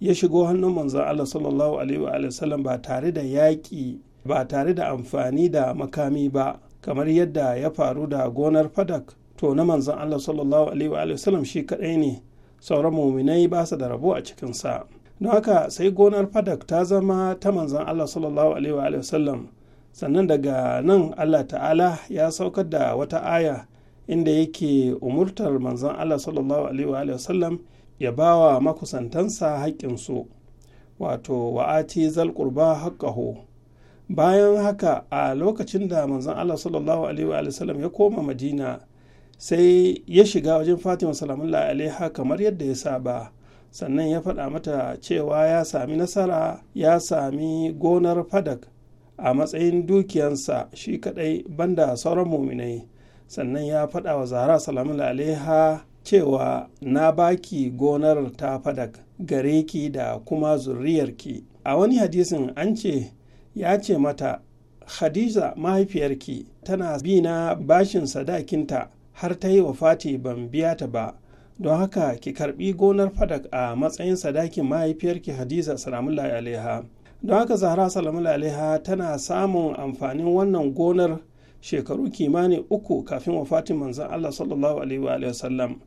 ya shigo hannun manzon allah sallallahu alaihi sallam ba tare da yaƙi ba tare da amfani da makami ba kamar yadda ya faru da gonar fadak to na manzan Allah sallallahu alaihi wa shi kadai ne sauran muminai ba su da rabo a cikinsa don haka sai gonar fadak ta zama ta manzan Allah sallallahu alaihi wa sannan daga nan Allah ta'ala ya saukar da wata aya inda yake umurtar manzan Allah sallallahu alaihi wa ya ba wa makusantansa haƙƙinsu wato wa'ati zal bayan haka a lokacin da manzon allah sallallahu alaihi wa ya koma madina sai ya shiga wajen fatima salamullahi alaiha kamar yadda ya saba sannan ya faɗa mata cewa ya sami nasara ya sami gonar fadak a matsayin dukiyansa shi kaɗai banda sauran muminai sannan ya faɗa wa zahra salamullahi alaiha cewa na baki gonar ta fadak gare ki da kuma zuriyarki" a wani hadisin an ce ya ce mata Hadiza mahaifiyarki tana bi na bashin sadakinta har ta yi wa Fati ban biya ta ba don haka ki karbi gonar fadak a matsayin sadakin mahaifiyarki Hadiza salamullahi alaiha don haka Zahra salamullahi alaiha tana samun amfanin wannan gonar shekaru kimani uku kafin fatin manzon Allah sallallahu alaihi wa sallam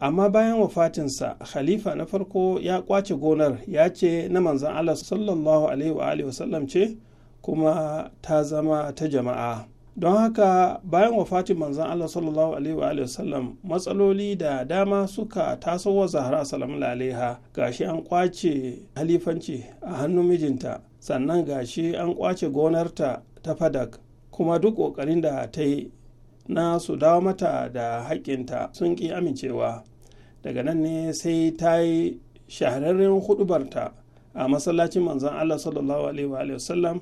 amma bayan wafatinsa khalifa na farko ya kwace gonar ya ce na manzon Allah sallallahu alaihi wa sallam ce kuma ta zama ta jama'a don haka bayan wafatin manzan Allah sallallahu alaihi wa sallam matsaloli da dama suka taso wa zahra salamu alaiha gashi an kwace halifanci a hannun mijinta sannan gashi an kwace gonarta ta fadak kuma duk ƙoƙarin da ta yi na su dawo mata da haƙƙinta sun ƙi amincewa daga nan ne sai ta yi shahararren hudubarta a masallacin manzan Allah sallallahu alaihi wa sallam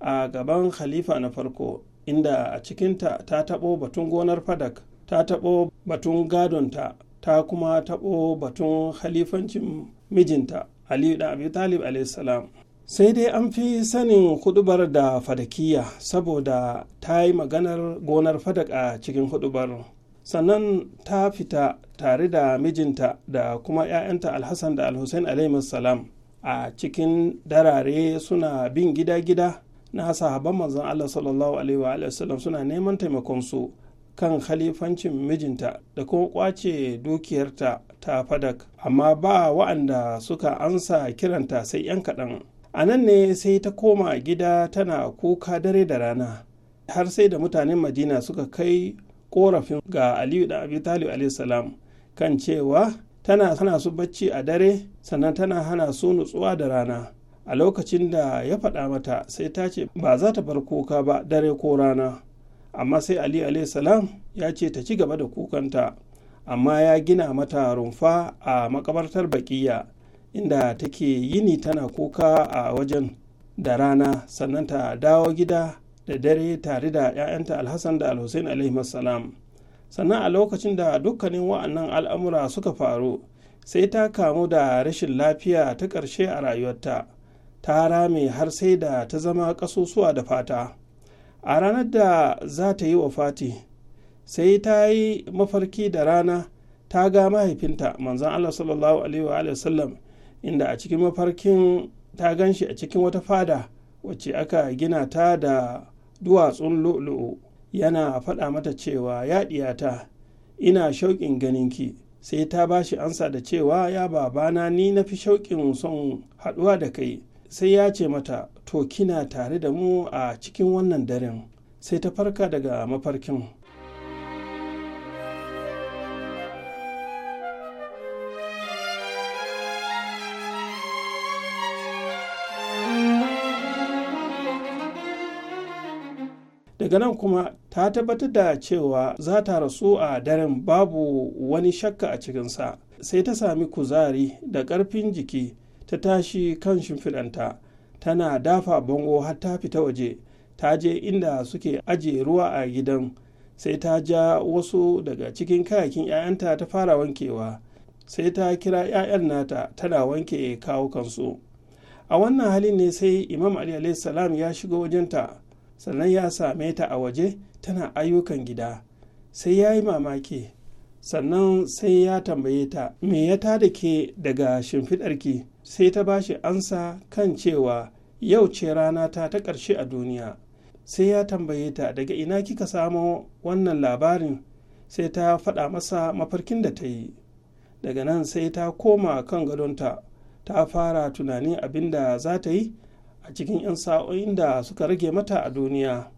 a gaban khalifa na farko inda a cikinta ta taɓo batun gonar fadak ta taɓo batun gadonta ta kuma taɓo batun khalifancin mijinta aliyu da abi talib salam sai dai an fi sanin hudubar da fadakiya saboda ta yi maganar gonar fadak a cikin hudubar sannan ta fita tare da mijinta da kuma 'ya'yanta alhassan da alhussein salam a cikin darare suna bin gida-gida na sahaban manzon Allah sallallahu alaihi wa sallam suna neman taimakon su kan khalifancin mijinta da kuma kwace dukiyarta ta fadak amma ba wa'anda suka ansa kiranta sai 'yan kaɗan a nan ne sai ta koma gida tana kuka dare da rana har sai da mutanen madina suka kai korafin ga aliyu da abi talib salam kan cewa tana hana su bacci a dare sannan tana hana su nutsuwa da rana a lokacin da ya faɗa mata sai ta ce ba za ta bar kuka ba dare ko rana amma sai ali salam ya ce ta ci gaba da kukanta amma ya gina mata rumfa a makabartar bakiya inda take yini tana kuka a wajen da rana sannan ta dawo gida da dare tare da 'ya'yanta alhassan da alhussein salam sannan a lokacin da dukkanin wa'annan al'amura suka faru sai ta kamu da rashin lafiya ta ƙarshe a rayuwarta ta rame har sai da ta zama ƙasusuwa da fata a ranar da za ta yi wa fati sai ta yi mafarki da rana ta ga mahaifinta manzan allah sallallahu alaihi sallam inda a cikin mafarkin ta gan shi a cikin wata fada wacce aka gina ta da duwatsun lu'lu'u yana faɗa mata cewa ya ɗiyata ina shauƙin ganinki sai ta ba shi ansa da cewa ya babana ni na fi shauƙin son haɗuwa da kai sai ya ce mata to kina tare da mu a cikin wannan daren sai ta farka daga mafarkin daga nan kuma ta tabbatar da cewa za ta rasu a daren babu wani shakka a cikinsa sai ta sami kuzari da ƙarfin jiki ta tashi kan shimfiɗanta tana dafa bango har ta fita waje ta je inda suke ajiye ruwa a gidan sai ta ja wasu daga cikin kayakin 'ya'yanta ta fara wankewa sai ta kira 'ya'yan nata tana wanke kawukansu a wannan halin ne sai imam ali salam ya shigo wajenta sannan ya same ta a waje tana ayyukan gida sai ya yi mamaki sannan sai ya tambaye ta me ya tada ke daga shimfiɗarki sai ta bashi ansa kan cewa yau ce rana ta ta ƙarshe a duniya sai ya tambaye ta daga ina kika samo wannan labarin sai ta faɗa masa mafarkin da ta yi daga nan sai ta koma kan gadonta ta fara tunanin abin da za ta yi a cikin 'yan sa'o'in da suka rage mata a duniya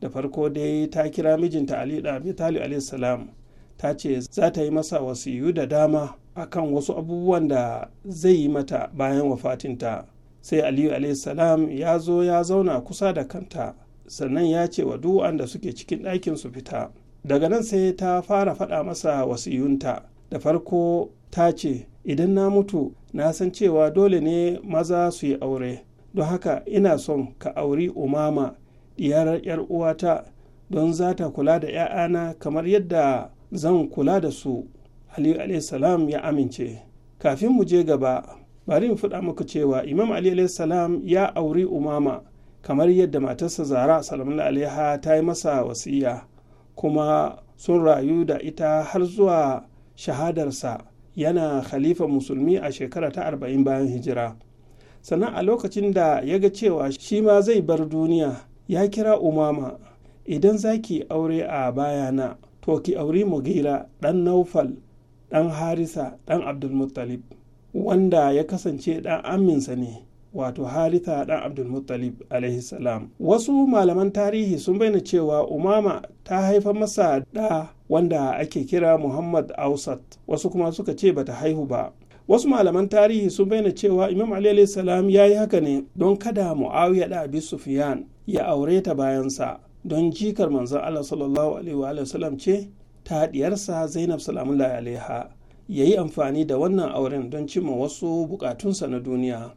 da farko dai ta kira mijinta ali da talib salam ta ce za ta yi masa wasiyu da dama a kan wasu abubuwan da zai yi mata bayan wafatinta sai aliyu salam ya zo ya zauna kusa da kanta sannan ya ce wa duwan da suke cikin ɗakin su fita daga nan sai ta fara faɗa masa wasiyunta da farko ta ce idan na mutu na san cewa dole ne maza su yi aure don haka ina son ka auri umama diyar yar uwata don za ta kula da 'ya'yana kamar yadda zan kula da su aliyu salam ya amince kafin mu je gaba bari mu faɗa muku cewa imam ali salam ya auri umama kamar yadda matarsa zara salamun alaiha ta yi masa wasiya kuma sun rayu da ita har zuwa shahadarsa yana khalifa musulmi a shekara ta arba'in bayan hijira sannan a lokacin da ya ga cewa shi ma zai bar duniya ya kira umama idan zaki aure a bayana to ki auri mugira ɗan naufal ɗan harisa ɗan abdulmuttalib wanda ya kasance ɗan aminsa ne wato haritha ɗan abdulmuttalib salam wasu malaman tarihi sun bayyana cewa umama ta haifa masa ɗa wanda ake kira muhammad ausat wasu kuma suka ce bata haihu ba wasu malaman tarihi sun bayyana cewa imam ali salam ya yi haka ne don kada muawiya da abi ya aure ta bayansa don jikar manzan Allah sallallahu alaihi wa ce ta diyarsa Zainab salamullahi alaiha ya yi amfani da wannan auren don cimma wasu bukatunsa na duniya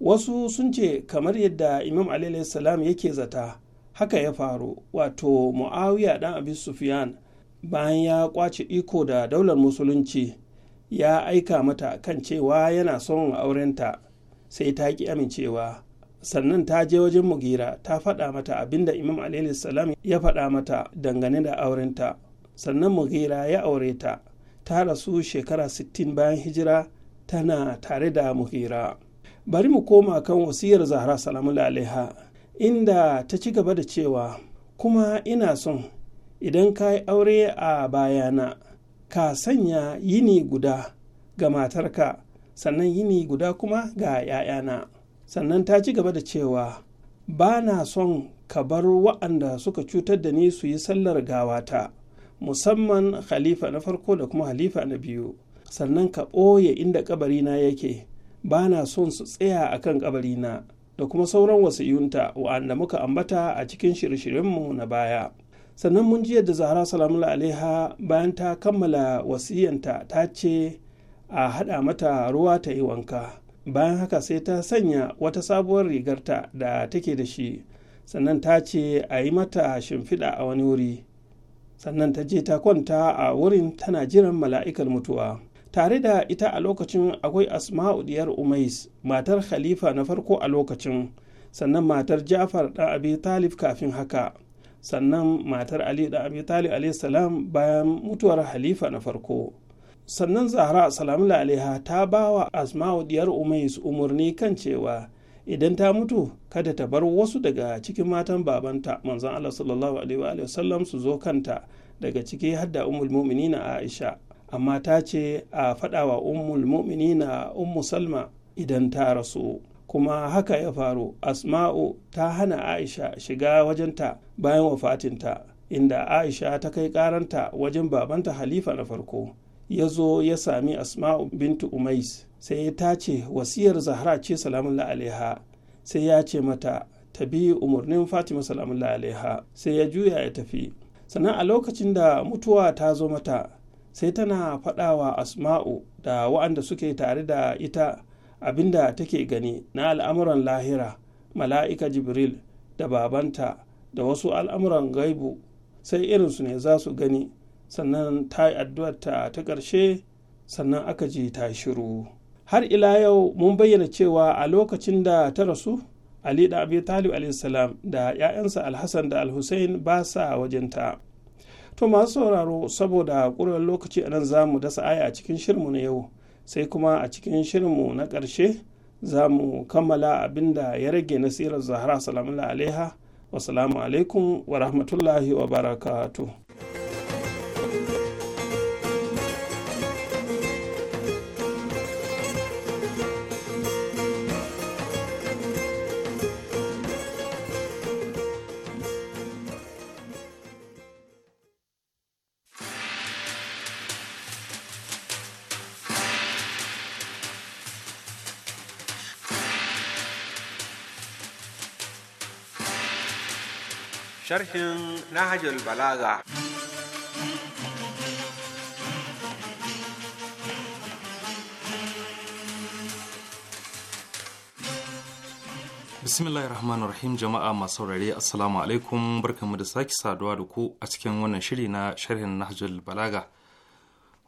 wasu sun ce kamar yadda imam alaihi salam yake zata haka ya faru wato muawiya ɗan abi sufyan bayan ya kwace iko da daular musulunci ya aika mata kan cewa yana son aurenta sai ta ƙi amincewa sannan ta je wajen mugira ta faɗa mata abinda imam alaihi salam ya faɗa mata dangane da aurenta sannan mugira ya aure ta ta rasu shekara 60 bayan hijira tana tare da mugira bari mu koma kan wasiyar zahra salamu alaiha inda ta ci gaba da cewa kuma ina son idan ka yi aure a bayana ka sanya yini guda ga matarka sannan yini guda kuma ga ‘ya'yana sannan ta ci gaba da cewa ba na son ka bar wa'anda suka cutar da ni su yi sallar gawata musamman khalifa na farko da kuma halifa na biyu sannan ka ɓoye inda ƙabarina yake ba na son su tsaya a kan ƙabarina da kuma sauran wasiyunta wa'anda muka ambata a cikin shirye-shiryenmu na baya sannan mun ji yadda zahra salamula alaiha bayan ta kammala wasiyanta ta ce a haɗa mata ruwa ta yi wanka bayan haka sai ta sanya wata sabuwar rigarta da take da shi sannan ta ce a yi mata shimfiɗa a wani wuri sannan ta je ta kwanta a wurin tana jiran mala'ikar mutuwa tare da ita a lokacin akwai asma'u diyar umais matar khalifa na farko a lokacin sannan matar jafar da abi talib kafin haka sannan matar ali da abi talib salam bayan mutuwar halifa na farko sannan zahra salamu alaiha ta ba wa asma'u diyar umais umarni kan cewa idan ta mutu kada ta bar wasu daga cikin matan babanta manzon allah sallallahu alaihi wa sallam su zo kanta daga ciki hadda ummul mu'minina aisha amma ta ce a faɗawa ummul na ummu salma idan ta rasu kuma haka ya faru asma'u ta hana aisha shiga wajenta bayan wafatinta inda aisha ta kai karanta wajen babanta halifa na farko ya zo ya sami asma'u bintu umais sai ya tace wasiyar zahra ce salamun alaiha sai ya ce mata ta bi umarnin fatima salamun alaiha sai ya juya ya tafi sannan a lokacin da mutuwa ta zo mata sai tana faɗawa asma'u da wa'anda suke tare da ita abinda take gani na al'amuran lahira mala'ika jibril da babanta da wasu al'amuran gaibu sai irinsu ne za su gani sannan ta yi addu'arta ta ƙarshe sannan aka je ta shiru har ila yau mun bayyana cewa a lokacin da ta rasu ali da abi talib alaihissalam da 'ya'yansa alhassan da alhussein ba sa wajenta to masu sauraro saboda ƙurar lokaci a nan za mu dasa aya a cikin shirinmu na yau sai kuma a cikin shirinmu na ƙarshe za mu kammala abin da ya rage nasirar sirar zahra salamu alaiha alaikum wa rahmatullahi wa barakatuh sharhin Nahajul Balaga. bismillahir rahmanir rahim jama'a masu saurare assalamu alaikum barkanmu da sake saduwa da ku a cikin wannan shiri na sharhin nahjul balaga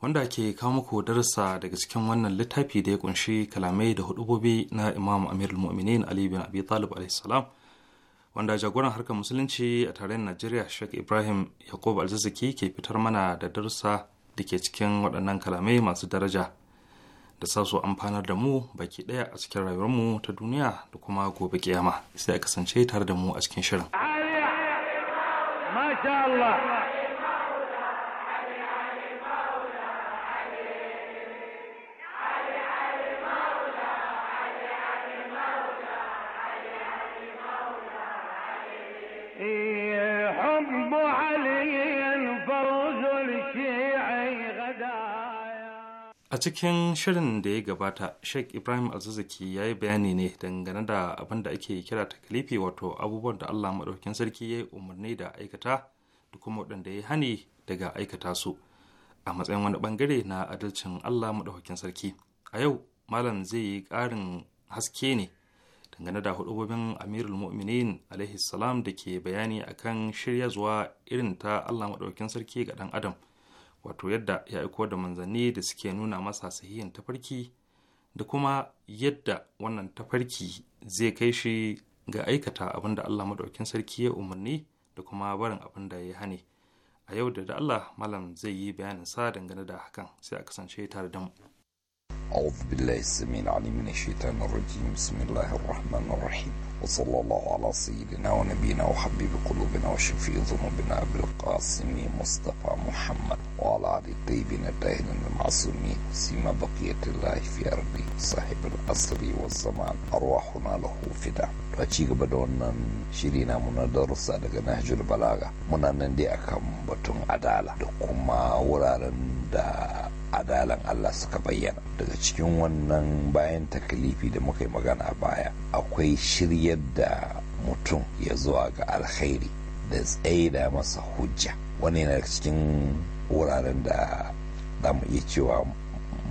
wanda ke kawo muku darasa daga cikin wannan littafi da ya kunshi kalamai da hudubobi na imam amirul mu'minin ali bin abi talib alaihi salam wanda jagoran harkar musulunci a tarayyar najeriya sheikh ibrahim yakub alzazzaki ke fitar mana da darussa da ke cikin waɗannan kalamai masu daraja da sa su amfanar da mu baki ɗaya a cikin rayuwar mu ta duniya da kuma gobe kiyama sai a kasance tare da mu a cikin shirin. Masha Allah. a cikin shirin da ya gabata sheikh ibrahim alzazzaki ya yi bayani ne dangane da abin da ake kira ta kalifi wato abubuwan da allah maɗaukin sarki ya yi umarni da aikata da kuma waɗanda ya yi hani daga aikata su a matsayin wani bangare na adalcin allah maɗaukin sarki a yau malam zai yi ƙarin haske ne dangane da hudubobin amirul mu'minin alaihi salam da ke bayani akan shirya zuwa irin ta allah maɗaukin sarki ga ɗan adam wato yadda ya aiko da manzanni da suke nuna masa sahihin tafarki da kuma yadda wannan tafarki zai kai shi ga aikata abin da Allah maɗaukin sarki ya umarni da kuma barin abin da ya hane a yau da da Allah malam zai yi bayanin sa dangane da hakan sai a kasance tare da mu أعوذ بالله السميع وصلى الله على سيدنا ونبينا وحبيب قلوبنا وشفي ذنوبنا أبي القاسم مصطفى محمد وعلى آل الطيبين الطاهرين المعصومين سيما بقية الله في أرضه صاحب العصر والزمان أرواحنا له فدا a بدون gaba من wannan هذا نهج muna من daga nahjul balaga muna nan dai akan batun adalan Allah suka bayyana daga cikin wannan bayan takalifi da muka yi magana a baya akwai shirya yadda mutum ya zuwa ga alkhairi da tsaida masa hujja wani yana cikin wuraren da za mu iya cewa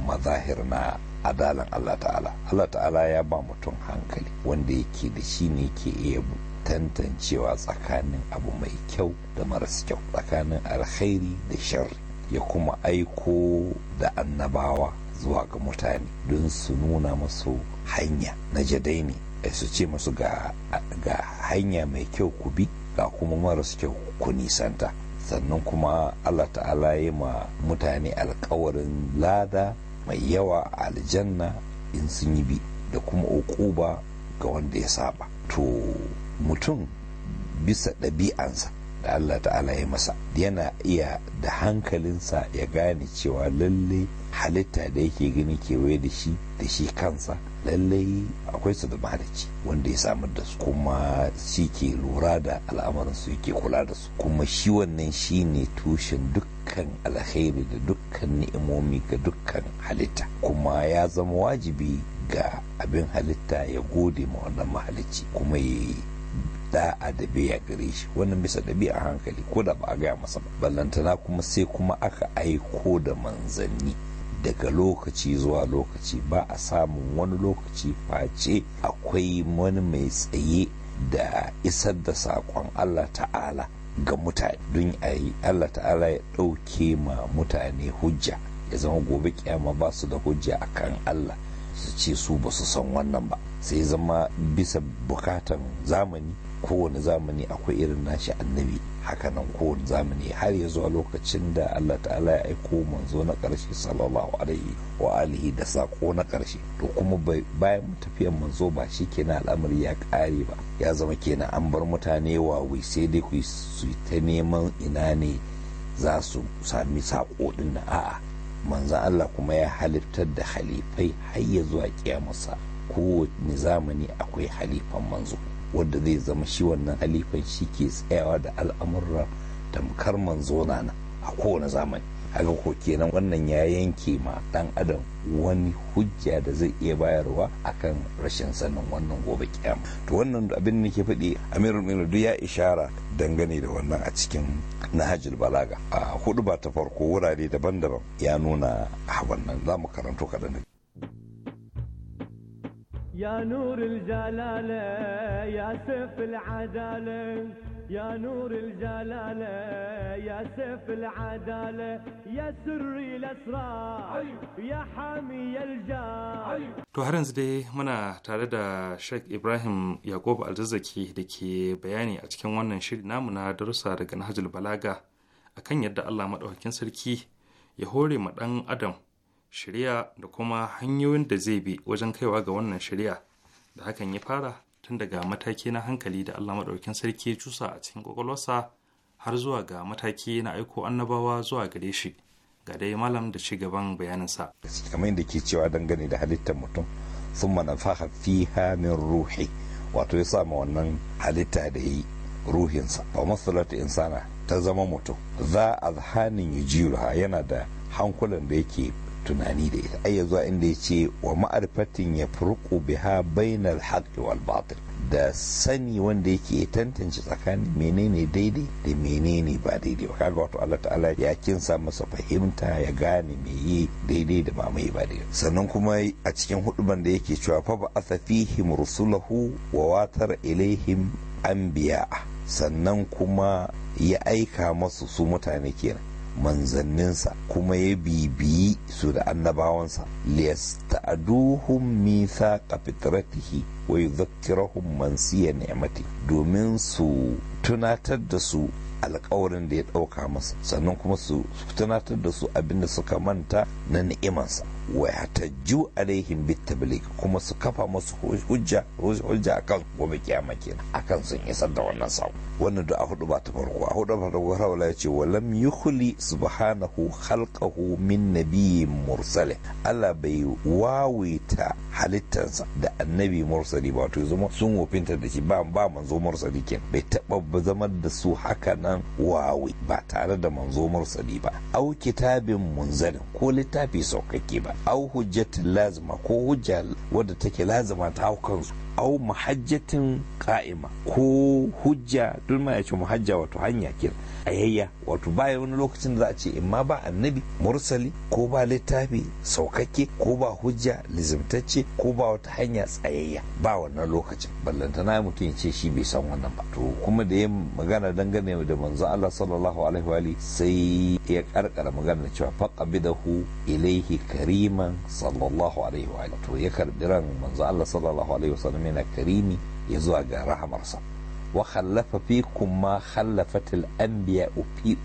mazahir na adalan Allah ta'ala Allah ta'ala ya ba mutum hankali wanda yake da shi ne ke iya tantancewa tsakanin abu mai kyau da maras kyau tsakanin alkhairi da sharri ya kuma aiko da annabawa zuwa ga mutane don su nuna masu hanya na ne. Eh, su ce masu ga hanya mai kyau ku bi ga kuma maras kyau ku nisanta sannan kuma allah ta'ala ya ma mutane alkawarin lada mai yawa aljanna in sun yi bi da kuma ukuba ga wanda ya saba to mutum bisa ɗabi'ansa da allah ta'ala ya masa yana iya da hankalinsa ya gane cewa lalle halitta da yake gani kewaye da shi da shi kansa lallai akwai su da mahalicci wanda ya samar da su kuma shi ke lura da al'amarin su yake kula da su kuma shi wannan shi ne tushen dukkan alkhairi da dukkan ni'imomi ga dukkan halitta kuma ya zama wajibi ga abin halitta ya gode ma wannan mahalicci kuma ya da'a da biya gare shi wannan bisa ɗabi'a hankali ko da ba a gaya masa ba ballantana kuma sai kuma aka aiko da manzanni daga lokaci zuwa lokaci ba a samun wani lokaci face akwai wani mai tsaye da isar da saƙon Allah ta'ala ga mutane don a yi Allah ta'ala ya ɗauke ma mutane hujja ya zama gobe kyama ba su da hujja a kan Allah su ce su ba su san wannan ba sai zama bisa bukatan zamani kowane zamani akwai irin nashi annabi hakanan kowane zamani har ya zuwa lokacin da Allah ta'ala ya aiko manzo na karshe sallallahu alaihi wa alihi da sako na karshe. to kuma bayan tafiyan manzo ba shi kenan al'amari ya ƙare ba ya zama kenan an bar mutane wawi sai dai ku su ta neman ina ne za su sami sako din na a'a manzan Allah kuma ya halittar da halifai har ya zuwa kiyamarsa kowane zamani akwai halifan manzo wanda zai zama shi wannan halifan shi ke tsayawa da al'amurra tamkar manzo na a kowane zamani haka ko kenan wannan ya yanke ma dan adam wani hujja da zai iya bayarwa akan rashin sanin wannan gobe kiyama to wannan abin da ke faɗi amirul minudu ya ishara dangane da wannan a cikin nahajul balaga a hudu ba ta farko wurare daban-daban ya nuna a wannan za mu karanto kaɗan يا نور الجلالة يا سيف العدالة يا نور الجلالة يا سيف العدالة يا سري الأسرار يا حامي الجار To har yanzu dai muna tare da Sheikh Ibrahim yakubu Alzazzaki da ke bayani a cikin wannan shirin namu na darussa daga Nahajul Balaga akan yadda Allah maɗaukakin sarki ya hore ma ɗan Adam shirya da kuma hanyoyin da zai bi wajen kaiwa ga wannan shirya da hakan ya fara tun daga mataki na hankali da allah maɗaukin sarki ya cusa a cikin ƙwaƙwalwarsa har zuwa ga mataki na aiko annabawa zuwa gare shi ga dai malam da ci gaban bayaninsa kamar yadda ke cewa dangane da halittar mutum sun manafaha fiha min ruhi wato ya sa wannan halitta da yi ruhinsa ba masalata insana ta zama mutum za a zahanin yujiruha yana da hankulan da yake tunani da ita ai zuwa inda ya ce wa ma'arfatin ya furqu biha bainal haqqi wal batil da sani wanda yake tantance tsakanin menene daidai da menene ba daidai ba kaga wato Allah ta'ala ya kinsa masa fahimta ya gane meye daidai da mamaye ba daidai sannan kuma a cikin huduban da yake cewa fa ba asafihim rusulahu wa watar ilaihim anbiya sannan kuma ya aika masu su mutane kenan manzanninsa kuma ya bibiyi su da annabawansa liyasta'duhum mithaqa fitratihi wa yudhakkirahum mansiya ni'mati domin su tunatar da su alkawarin da ya ɗauka masa sannan kuma su tunatar da su abinda suka manta na ni'imansa wa yatajju alaihim bitabliq kuma su kafa masu hujja hujja akan gobe kiyama kenan akan sun isar da wannan sako wannan da hudu ba ta farko a hudu ba ta farko ya ce wa lam yukhli subhanahu khalqahu min nabiyyin mursal Allah bai wawita halittarsa da annabi mursali ba to zama sun wofinta da shi ba ba manzo mursali bai taba zama da su haka nan wawi ba tare da manzo mursali ba au kitabin munzalin ko littafi saukakke ba au hujjatin lazima ko hujja wadda take lazima ta hau kansu au muhajjatin ka'ima ko hujja duk ma ya ce mahajja wato hanya kenan tsayayya wato baya wani lokacin da za a ce imma ba annabi mursali ko ba littafi saukakke ko ba hujja lizimtacce ko ba wata hanya tsayayya ba wannan lokacin ballantana mutum ya ce shi bai san wannan ba to kuma da ya magana dangane da manzo Allah sallallahu alaihi wa sai ya karkara magana cewa bidahu ilaihi kariman sallallahu alaihi wa to ya karbi ran manzo Allah sallallahu alaihi wa sallam yana karimi ya zuwa ga rahamarsa wa khallafa fikum ma ufi anbiya fi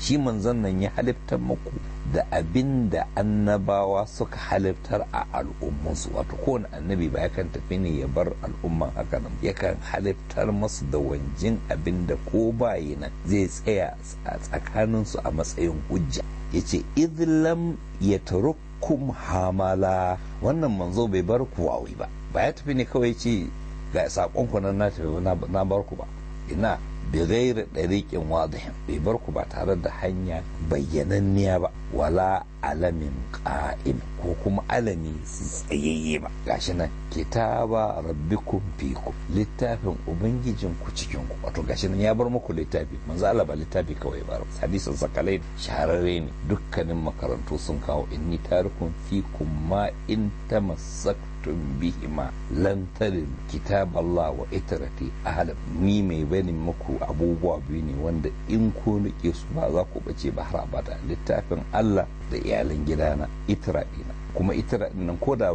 shi manzon nan ya halittar muku da abin da annabawa suka halittar a al'ummansu wato kowane annabi ba yakan tafi ne ya bar al'umman haka nan yakan halittar masu da wanjin abin da ko bayi nan zai tsaya a tsakaninsu a matsayin hujja ya ce idlam ya tarukum hamala wannan manzo bai bar kuwawi ba ba ya tafi ne kawai ce ga sakon ku na na bar ku ba ina bi gairi dariqin wadihin bai bar ku ba tare da hanya bayyananniya ba wala alamin qa'im ko kuma alami tsayayye ba gashi nan kitaba rabbikum fiku littafin ubangijin ku cikin ku wato gashi nan ya bar muku littafi manzo Allah ba littafi kawai ba hadisin sakalai shahararre ne dukkanin makarantu sun kawo inni tarikun fikum ma in tamassak bihima lan tarin kitab Allah wa itrati ahlam ni mai banin muku abubuwa biyu ne wanda in ku nake su ba za ku bace ba har abada littafin Allah da iyalan gidana itira dina kuma itira nan ko da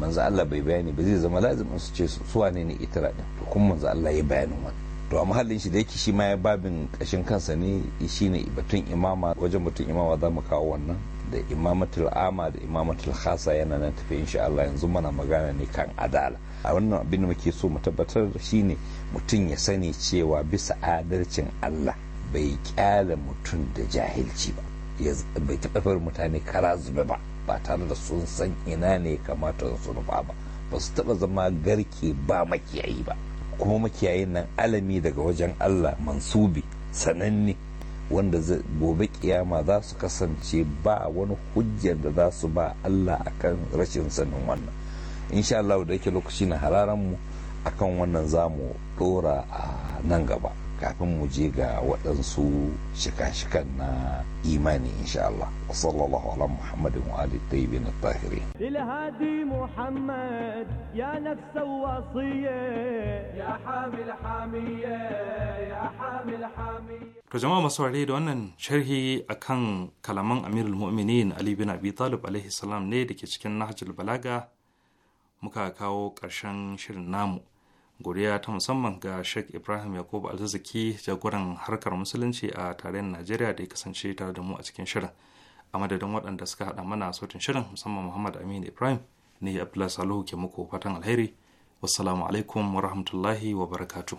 manzo Allah bai bayani ba zai zama lazimin su ce su wane ne itira din to kuma manzo Allah ya bayani wani to a mahallin shi da yake shi ma ya babin kashin kansa ne ne batun imama wajen batun imama za mu kawo wannan da imamatul ama da imamatul khasa yana nan tafi insha Allah yanzu mana magana ne kan adala a wannan abin da muke so mu tabbatar shi ne mutum ya sani cewa bisa adalcin Allah bai kyale mutum da jahilci ba bai taɓa bar mutane kara zube ba ba tare da sun san ina ne kamata su nufa ba ba su taɓa zama garke ba makiyayi ba kuma makiyayin nan alami daga wajen allah mansubi sananne wanda gobe kiyama za su kasance ba wani hujjar da za su ba allah akan rashin sanin wannan insha allah da yake lokaci na hararan mu akan wannan za mu dora a nan gaba kafin mu je ga waɗansu shika-shikan na imani insha Allah wa sallallahu ala muhammadin wa ali tayyibin at tahiri ilhadi muhammad ya nafsa wasiya ya hamil hamiya ya hamil hamiya to jama'a masu ware da wannan sharhi akan kalaman amirul mu'minin ali bin abi talib alaihi salam ne da ke cikin nahjul balaga muka kawo ƙarshen shirin namu godiya ta musamman ga sheikh ibrahim yakubu alzazaki jagoran harkar musulunci a tarayyar najeriya da ya kasance tare da mu a cikin shirin a madadin waɗanda suka haɗa mana sautin shirin musamman muhammad aminu ibrahim ne abdullahi salihu ke muku fatan alheri wassalamu alaikum wa rahmatullahi wa barakatu.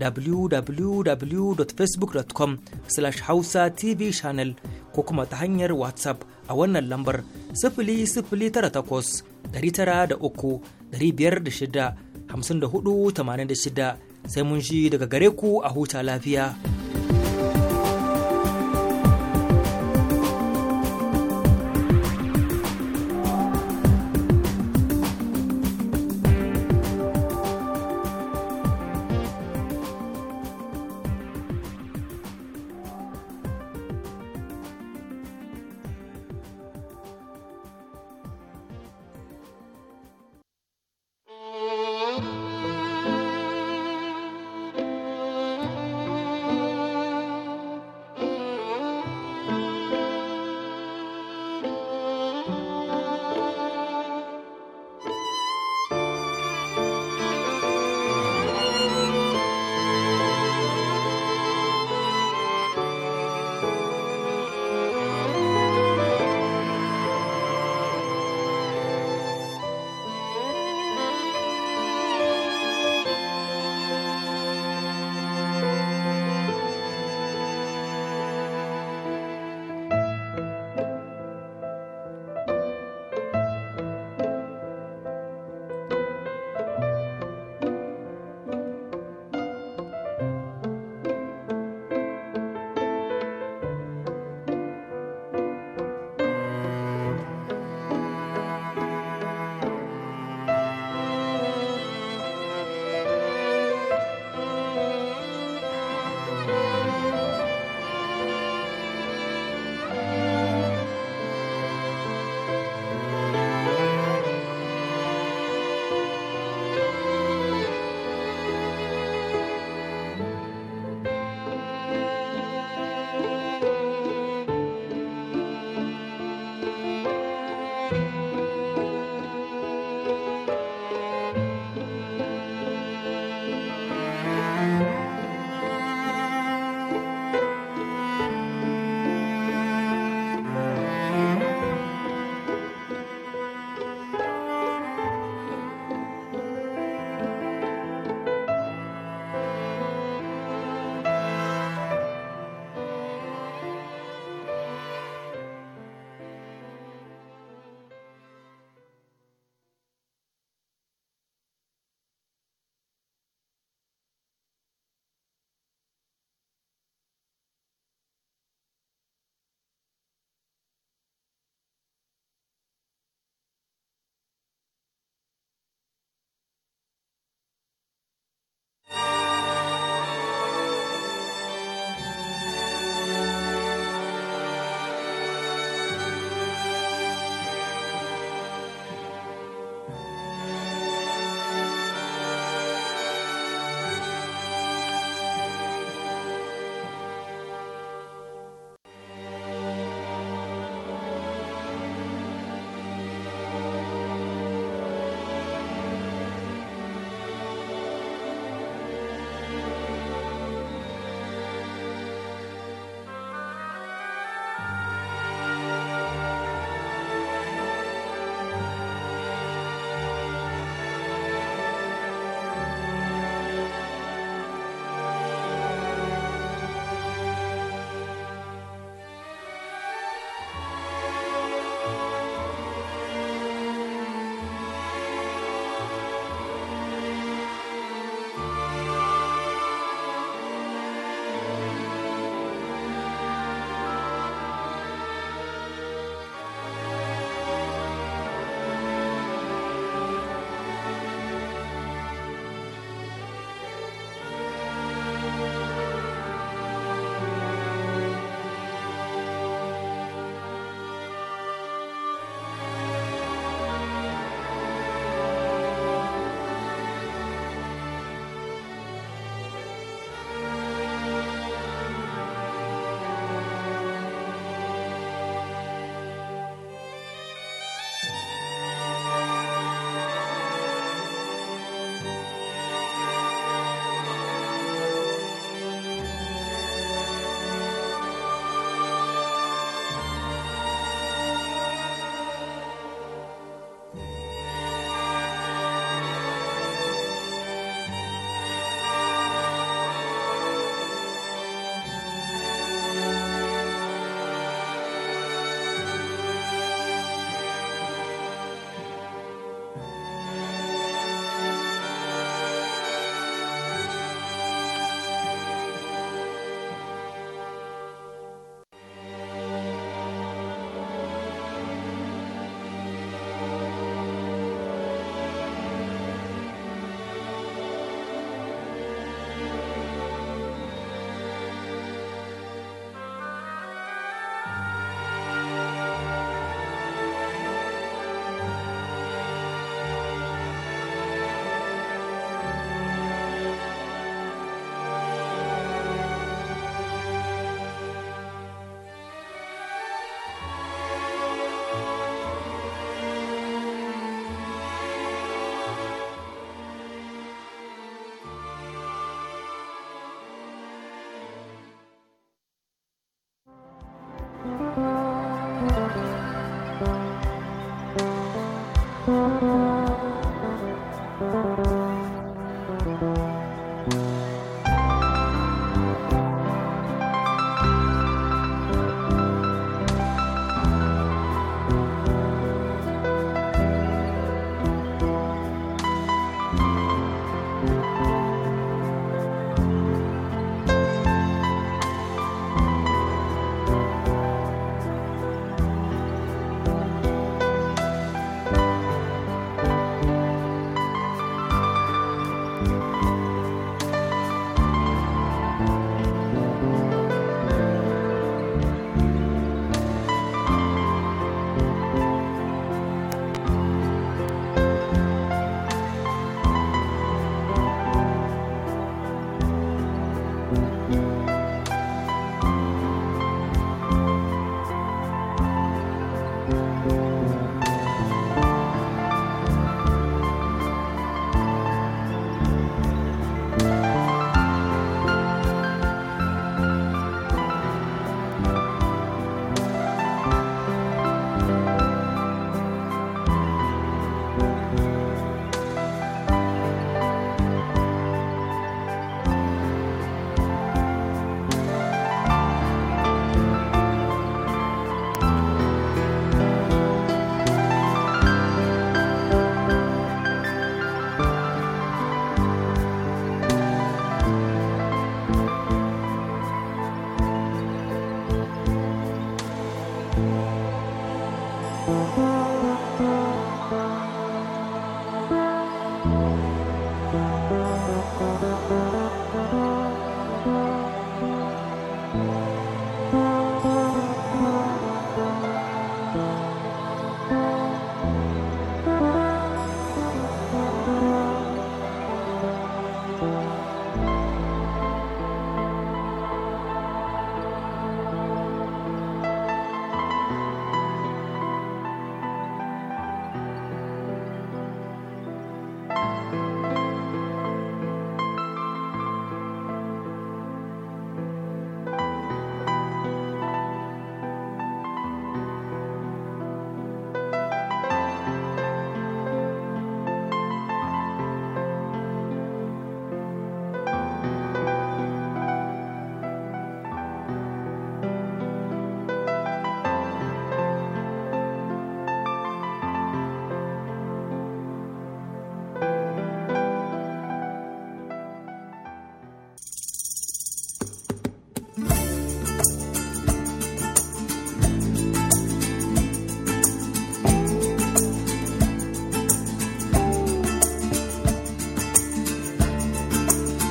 www.facebook.com slash hausa tv channel ko kuma ta hanyar whatsapp a wannan lambar sifili sifili da tara da uku ɗari biyar hamsin da hudu tamanin da shida sai mun shi daga gare ku a huta lafiya. Thank you.